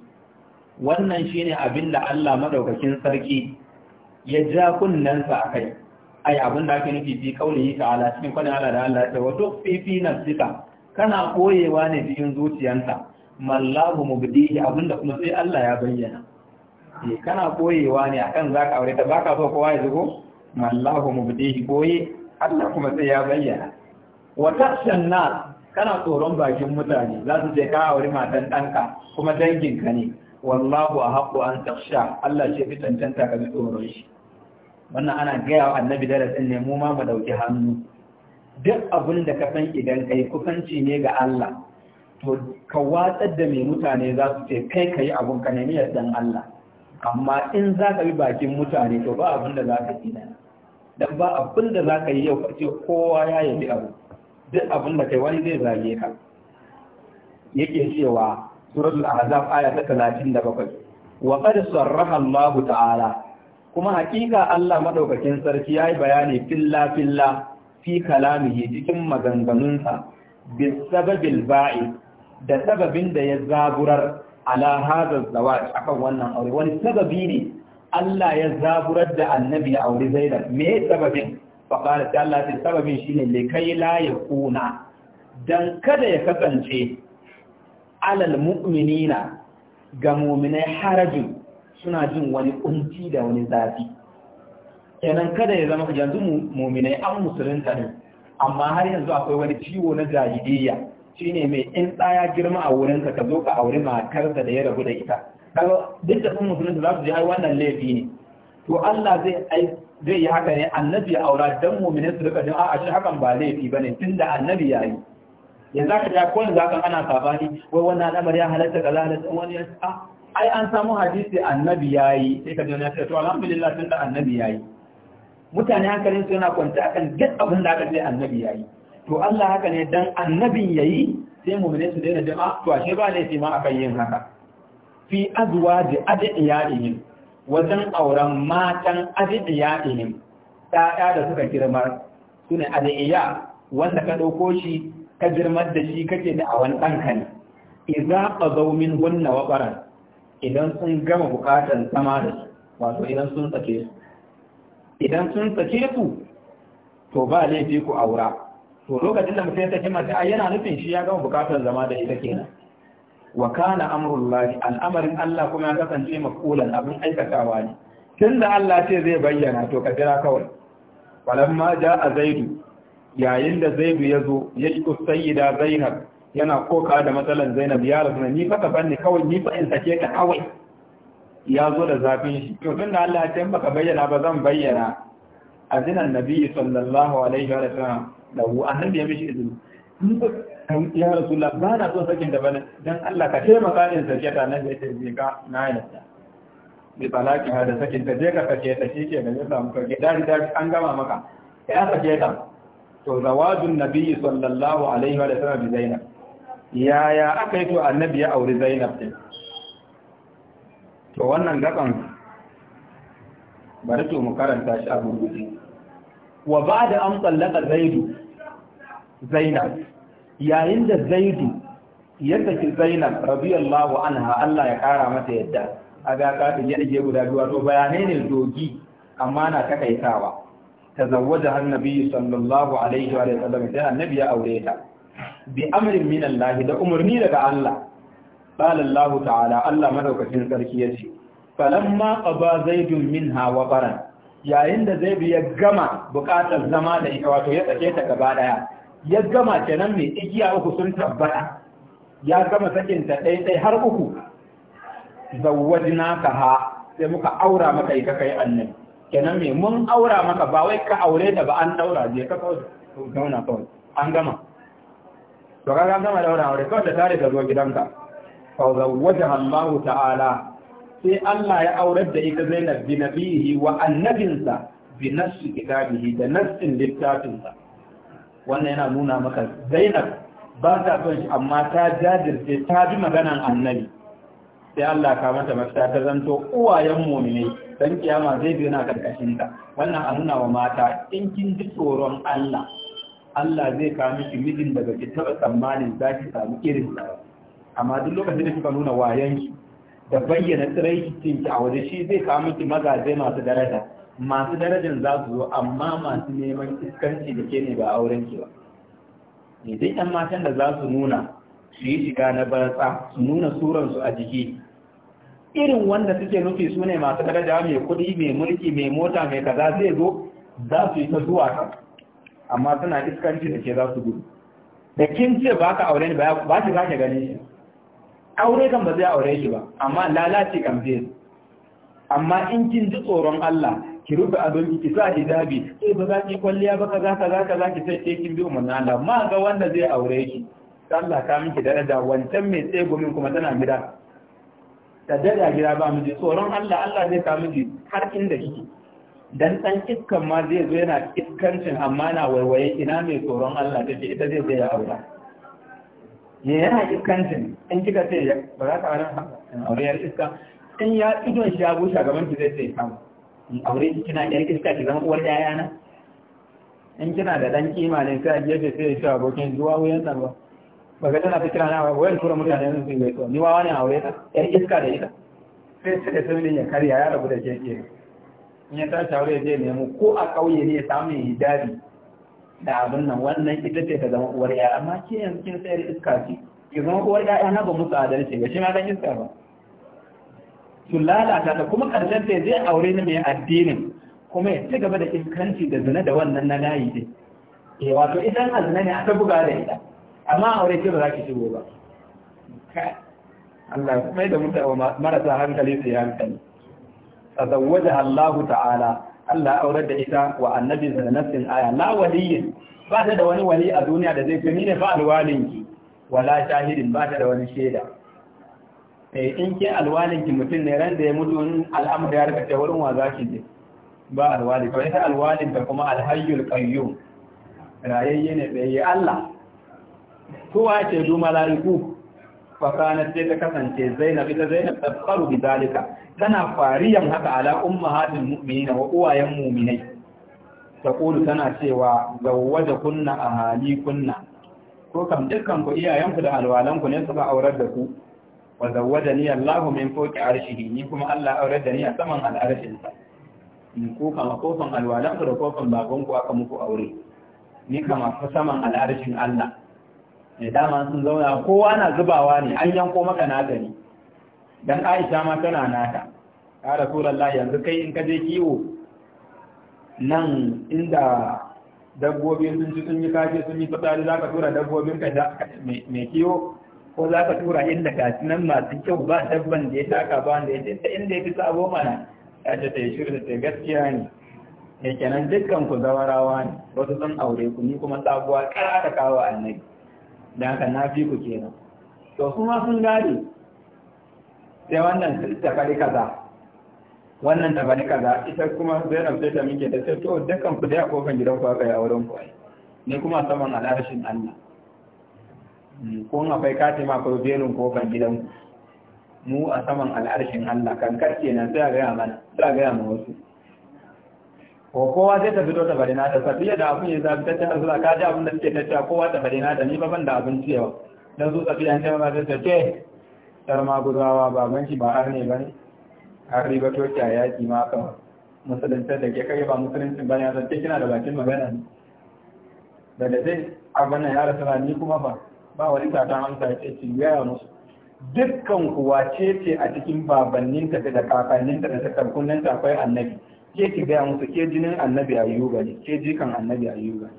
wannan ne abin da Allah madaukakin sarki ya ja kunnensa a kai ai abin da ake nufi fi kaulihi ta'ala cikin kwanin Allah da Allah ya ce wa tufi fi kana koyewa ne cikin zuciyanka mallahu mubdihi abinda kuma sai Allah ya bayyana eh kana koyewa ne akan zaka aure ta baka so kowa ya zugo mallahu mubdihi koye Allah kuma sai ya bayyana wa tashan nas kana tsoron bakin mutane za su je ka aure matan danka kuma danginka ne wallahu a haƙo an tafsha Allah ce fi tantanta ka bi tsoron shi wannan ana gaya wa annabi darasin ne mu ma mu ɗauki hannu duk abin da ka san idan kai kusanci ne ga Allah to ka watsar da mai mutane za su ce kai ka yi abin ka nemi yardan Allah amma in za ka bi bakin mutane to ba abin da za ka yi nan dan ba abin da za ka yi yau ce kowa ya yi abu duk abin da kai wani zai zage ka yake cewa suratul ahzab aya ta 37 wa qad sarraha Allah ta'ala kuma hakika Allah madaukakin sarki yi bayani filla filla fi kalamihi cikin maganganunsa bis sababil ba'i da sababin da ya zaburar ala hadha zawaj akan wannan aure wani sababi ne Allah ya zaburar da annabi a aure Zainab me sababin fa qala Allah sababin shine likai la yakuna dan kada ya kasance alal mu'minina ga mu'minai harajin suna jin wani kunci da wani zafi kenan kada ya zama yanzu mu'minai an musulunta ne amma har yanzu akwai wani ciwo na jahiliyya shine mai in tsaya girma a wurin ka zo ka aure matarsa da ya rabu da ita kaga duk da sun musulunta za su ji har wannan laifi ne to Allah zai zai yi haka ne annabi ya aura dan muminai su rika jin a'a shi hakan ba laifi bane tunda annabi yayi yanzu aka ja kowane za ka ana sabani wai wannan al'amari ya halatta ga lalata wani ya a ah, ai an samu hadisi annabi yayi sai ka jona ya ce to alhamdulillah sun da annabi yayi mutane hankalin su yana kwanta akan duk abin da aka ce annabi yayi to Allah haka ne dan annabin yi sai mu'mini su daina jama'a ah, to ashe ba sai ma akan yin haka fi azwaji adiyaihim wajen auren matan adiyaihim ta da suka girma sune adiya wanda ka ɗauko shi ka girmar da shi kake da awan ɗanka ne a zo min hunna wa idan sun gama buƙatar zama da su wato idan sun sake su idan sun sake su to ba laifi ku aura to lokacin da mutum ya sake mace ai yana nufin shi ya gama buƙatar zama da ita kenan wa kana amrullahi al'amarin Allah kuma ya kasance maqulan abin aikatawa ne tunda Allah ce zai bayyana to ka jira kawai walamma a zaidu yayin da zaidu ya zo ya iku sayyida zainab yana koka da matsalan zainab ya rasu ni fa ka banni kawai ni fa in sake ka kawai ya zo da zafin shi to tunda Allah ya tamba ka bayyana ba zan bayyana azina nabi sallallahu alaihi wa sallam da hu annabi ya mishi izini ya rasulullah ba na so sakin da bane dan Allah ka taimaka in sake ta nan sai ce ka na yarda bi balaki hada sakin ta je ka sake ta shi ke da ya samu ka dadi dadi an gama maka ya sake ta to zawadun nabiyyi sallallahu alaihi wa sallam bi zainab yaya aka yi to annabi ya auri zainab din to wannan gaban bari to mu karanta shi a gurguje wa ba'da an tsallaka zaidu zainab yayin da zaidu ya saki zainab radiyallahu anha Allah ya kara mata yadda aga ka ya je guda biyu to bayanai ne dogi amma na takaitawa tazawwaja annabi sallallahu alaihi wa sallam sai annabi ya aure ta bi amrin min Allah da umarni daga Allah qala Allah ta'ala Allah madaukakin sarki yace falamma qaba zaidun minha hawa qaran yayin da zaidu ya gama bukatar zama da ita wato ya sake ta gaba daya ya gama kenan mai igiya uku sun tabbata ya gama sakin ta dai har uku zawwajnaka ha sai muka aura maka ita kai annabi kenan mai mun aura maka ba wai ka aure da ba an daura je ka kawai zauna kawai an gama to ka ga gama daura aure kawai da tare da zo gidanka fa wajha Allah ta'ala sai Allah ya aurar da ita Zainab bi nabihi wa annabinsa bi nassi kitabihi da nassin littafinsa wannan yana nuna maka Zainab ba ta son shi amma ta jajirce ta bi maganan annabi sai Allah ka mata mafita ta zanto uwayen mumini dan kiyama zai bi na karkashin ta wannan a nuna wa mata in kin ji tsoron Allah Allah zai ka miki mijin daga ki taɓa tsammanin za ki samu irin sa amma duk lokacin da kika nuna wayan ki da bayyana cikin ki a waje shi zai ka miki magaje masu daraja masu darajar za su zo amma masu neman iskanci da ke ne ba auren ki ba ne dai ɗan matan da za su nuna su yi shiga na barasa su nuna suransu a jiki irin wanda suke nufi su ne masu daraja mai kuɗi mai mulki mai mota mai kaza zai zo za su yi ta zuwa ta amma suna iskanci da ke za su gudu da kin ce ba ka aure ni ba shi za ka gane shi aure kan ba zai aure shi ba amma lalace kan zai amma in kin ji tsoron Allah ki rufe abin ki sa hijabi sai eh, ba za ki kwalliya ba kaza kaza kaza ki sai eh, kin bi umarnin Allah ma ga wanda zai aure ki Allah ka miki daraja wancan mai tsegumin kuma tana gida da dada gida ba miji tsoron Allah Allah zai ka miji har inda shi dan san iskan ma zai zo yana iskancin amma na waiwaye ina mai tsoron Allah ce, ita zai zai ya aura ne yana iskancin in kika ce ba za ka aure aure yar iska in ya idon shi ya bushe gaban ki zai ce samu in aure kina yar iska ki zama uwar yayana in kina da dan kima ne sai a gefe sai ya shi abokin zuwa wuyan nan ba ba ga tana ta kira na wayar tura mutane sun sun gaisuwa ni ne a aure ta yan iska da ita sai ta da sun ya karya ya rabu da ke ke in ya tashi ya je nemo ko a ƙauye ne ya samu hijabi da abin nan wannan ita ce ta zama uwar ya amma ke yanzu kin sayar iska ce ke zama uwar ya na ba musu adalci ba shi ma dan iska ba su lalata ta kuma karshen ta zai aure ni mai addinin kuma ya ci gaba da iskanci da zina da wannan na layi ce. eh wato idan azna ne aka buga da ita amma aure wurin ba za ki shigo ba Allah kuma yadda mutu a marasa hankali su yi hankali tazawwaja Allahu ta'ala Allah aurar da ita wa annabi da nafsin aya la waliyin ba ta da wani wali a duniya da zai ni ne fa alwalinki wala shahidin ba ta da wani shaida eh in ke alwalinki mutum ne ran da ya mutu in al'amari ya rika ta wurin wa zaki je ba alwali ko ta alwalin ta kuma alhayyul qayyum rayayye ne tsaye Allah kowa ce du mala'iku fakana sai ta kasance zainab ita zainab tsakaru bi zalika tana fariyan haka ala Umma Hadin mu'minina wa uwayen mu'minai taqulu tana cewa zawwaja kunna hali kunna ko kam dukkan ku iyayen ku da alwalan ku ne suka aurar da ku wa zawwajani Allahu min fawqi arshihi ni kuma Allah aurar da ni a saman al'arshin ni ko kama kofan alwalan ku da kofan babanku aka muku aure ni kama saman al'arshin Allah ne eh, dama sun zauna kowa na zubawa ne an yanko maka naka ne dan Aisha ma tana naka. ya Rasulullah yanzu kai in ka je kiwo nan inda dabbobin sun ci sun yi kaje sun yi fitsari za ka tura dabbobin ka mai kiwo ko za ka tura inda ga nan masu kyau ba dabban da ya taka ba da ya ce ta inda ya fi sabo mana ya ce ta yi da ta gaskiya ne ya kenan dukkan ku zawarawa ne wasu sun aure ku ni kuma sabuwa kara da kawo annabi da haka na fi ku kenan to su ma sun gari sai wannan ta kaza wannan ta kaza ita kuma zai sai ta minke da sai to dukkan ku da kofan gidan ku aka yi wurin ku ai ne kuma saman alashin Allah ko hmm, kun akwai katima akwai ko kan gidan mu a saman al'arshin Allah kankar kenan sai a gaya mana sai ga gaya ma wasu ko kowa zai tafi ta bari nata safiya da abin ya zafi tattacin da ka kaji abin da suke tattacin kowa ta bari nata ni ban da abin ba. don su safiya ta ma ta ce tar ma guzawa baban shi ba har ne ba ne har riba toki a yaki ma ka musulunci da ke kai ba musulunci ba ne a zance kina da bakin magana ne da da zai abin nan ya rasu ni kuma ba ba wani satan amsa ya ce ya gaya musu dukkan kuwa ce ce a cikin babanninta da kakanninta da tattakunninta akwai annabi ke ki gaya musu ke jinin annabi ayyuba ne ke jikan annabi ayyuba ne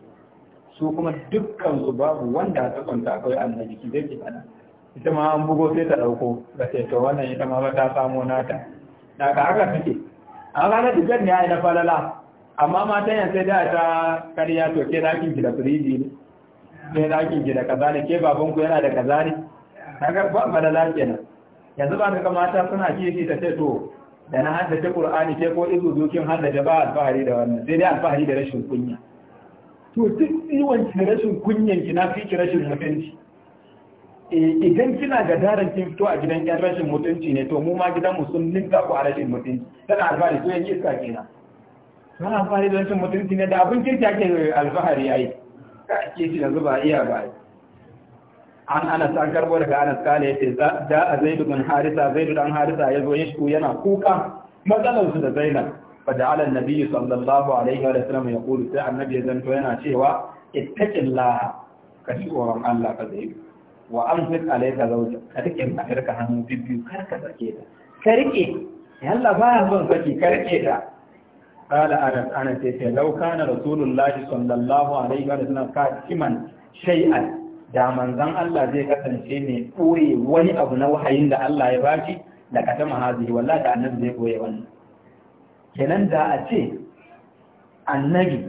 su kuma dukkan su babu wanda ta kwanta akwai annabi ki zai ki fada ita ma an bugo sai ta dauko ba sai to wannan ita ma ba ta samo nata da ka haka take an ranar tijar ne ai na falala amma matan yan sai da ta karya to ke dakin ki da firiji ne ke dakin ki da kaza ne ke baban ku yana da kaza ne kaga ba da kenan yanzu ba ka mata suna kishi ta ce to da na haddace Qur'ani ke ko izu dokin haddace ba alfahari da wannan sai dai alfahari da rashin kunya to duk iwan ki rashin kunyan ki na fi ki rashin mutunci eh, idan kina ga daren kin fito a gidan yan rashin mutunci ne to mu ma gidan mu sun ninka ku a rashin mutunci tana alfahari to yanki iska kenan tana alfahari da rashin mutunci ne da abin kirki ake alfahari yi. ka ake shi da zuba iya ba an anas an karbo daga anas kala yace da a zaidu bin harisa zaidu dan harisa yazo yashku yana kuka matsalar su da zainab fa ja'ala an-nabi sallallahu alaihi wa sallam ya yaqulu sai annabi ya zanto yana cewa ittaqillaha ka ji wa Allah ka zaidu wa anfiq alayka zawja ka rike matarka hannu bibbiyu kar ka sake ta ka rike yalla baya son saki ka rike ta Anas أنس أنس لو كان رسول الله صلى الله عليه وسلم كاتما شيئا da manzan Allah zai kasance mai ɓoye wani abu na wahayin da Allah ya bashi da kata hazihi wallahi da annabi zai ɓoye wannan kenan da a ce annabi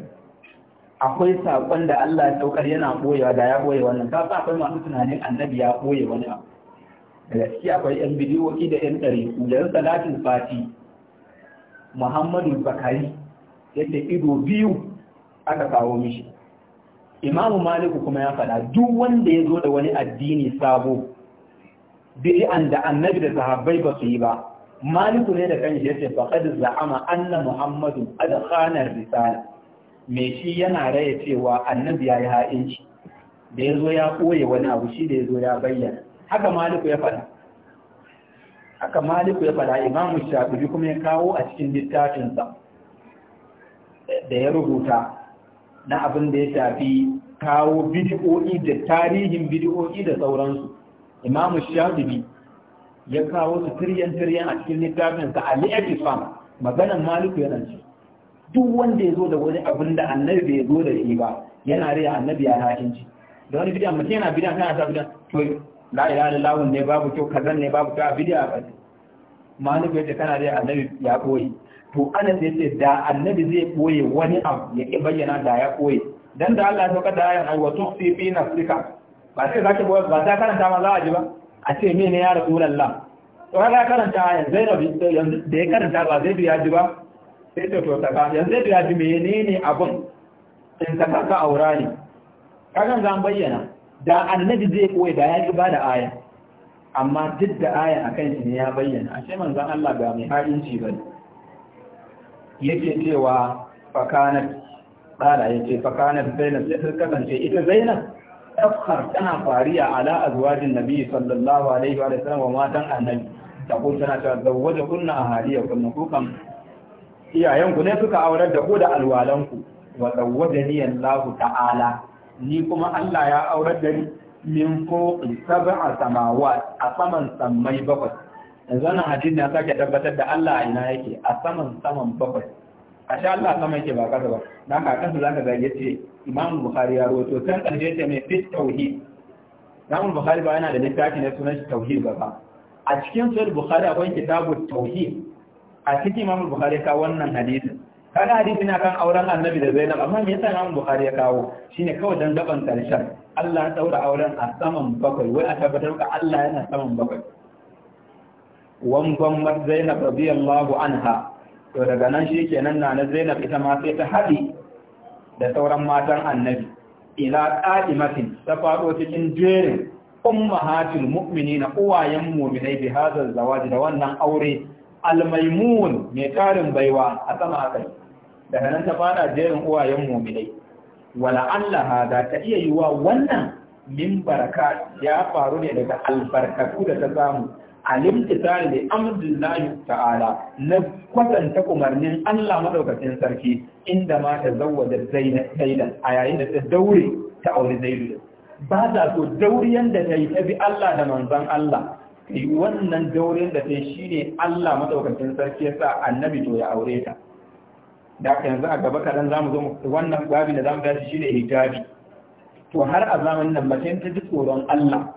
akwai saƙon da Allah ya saukar yana ɓoyewa da ya ɓoye wannan ka akwai masu tunanin annabi ya ɓoye wani abu da gaskiya akwai yan bidi'o'i da yan ɗari da salatin fati muhammadu bakari yadda ido biyu aka kawo mishi imamu maliku kuma ya faɗa duk wanda ya zo da wani addini sabo bid'an da annabi da sahabbai ba su yi ba maliku ne da kanshi ce faqad za'ama anna muhammadu adkhana risala me shi yana raya cewa annabi ya yi ha'inci da ya zo ya koye wani abu shi da ya zo ya bayyana haka maliku ya faɗa haka maliku ya faɗa imamu shafi'i kuma ya kawo a cikin littafinsa da ya rubuta na abin da ya shafi kawo bidi'o'i da tarihin bidi'o'i da sauransu imam Shadibi ya kawo su tiryan tiryan a cikin littafin sa Ali ibn maganan maliku yana ce duk wanda ya zo da wani abin da annabi bai zo da shi ba yana riya annabi ya hakinci da wani bidiya mutum yana bidiya kana sa bidiya to la ilaha illallah ne babu to kazan ne babu kyau a bidiya ba maliku yace kana riya annabi ya koyi to ana ya ce da annabi zai koye wani abu ya ke bayyana da ya koye dan da Allah ya sauka da ayan ai wa tukhfi fi nafsika ba sai zaki ba ba ta karanta ma za a ji ba a ce me ne ya rasulullah to kaga karanta ayan Zainab yanzu da ya karanta ba zai biya ji ba sai to to saka yanzu zai biya ji menene abun in saka ka aura ne kaga zan bayyana da annabi zai koye da ya ƙi ba da ayan amma duk da ayan akan shi ne ya bayyana ashe manzon Allah ba mai ha'inci bane yake cewa fakanat ƙala ya ce fakanat zainab sai sun kasance ita zainab tafkar tana fariya ala azwajin nabi sallallahu alaihi wa sallam wa matan annabi ta ko tana ta zawwaja kunna ahaliya kunna ku kam iyayen ku ne suka aurar da ku da alwalan ku wa zawwajani Allah ta'ala ni kuma Allah ya aurar da ni min fawqi sab'a samawat a saman sammai bakwai yanzu wannan hadisi ya sake tabbatar da Allah a ina yake a saman saman bakwai a sha Allah sama yake ba kasa ba Na ka za ka zage ce Imam Bukhari ya rawaito san karshe ce mai fit tauhid Imam Bukhari ba yana da littafi ne sunan shi tauhid gaba a cikin sahih Bukhari akwai kitabu tauhid a cikin Imam Bukhari ka wannan hadisin kaga hadisi na kan auren Annabi da Zainab amma me yasa Imam Bukhari ya kawo shine kawai dan gaban karshen Allah ya daura auren a saman bakwai wai a tabbatar ka Allah yana saman bakwai wangon zainab radiyallahu anha to daga nan shi kenan na na zainab ita ma sai ta haɗi da sauran matan annabi ila qadimatin ta faɗo cikin jerin ummahatul mu'minina uwayen mu'minai bi hadha zawaj da wannan aure almaymun mai tarin baiwa a sama a daga nan ta fara jerin uwayen muminai wala Allah da ta iya yiwa wannan min baraka ya faru ne daga albarkatu da ta samu alimtisari da layu ta'ala na kwatanta umarnin Allah madaukakin sarki inda ma ta da zainan a yayin da ta daure ta auri zaidan ba ta so dauriyan da ta yi ta bi Allah da manzan Allah yi wannan dauriyan da ta yi ne Allah madaukakin sarki ya sa annabi to ya aure ta da aka yanzu a gaba kaɗan za mu zo wannan babi da za mu shi ne hijabi to har a zamanin nan mace ta ji tsoron Allah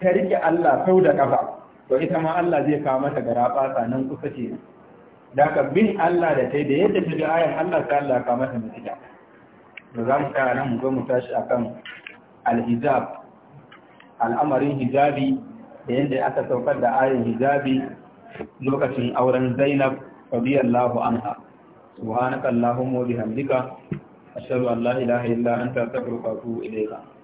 ta rike Allah sau da ƙafa. to ita ma Allah zai kawo mata gara fasa nan kusa ce da bin Allah da ta da yadda ta bi ayan Allah ta Allah kawo mata mafita da za mu tara nan mu zo mu tashi akan al-hijab al'amarin hijabi da yadda aka saukar da ayin hijabi lokacin auren zainab radiyallahu anha subhanakallahumma wa bihamdika ashhadu an la ilaha illa anta astaghfiruka wa atubu ilayka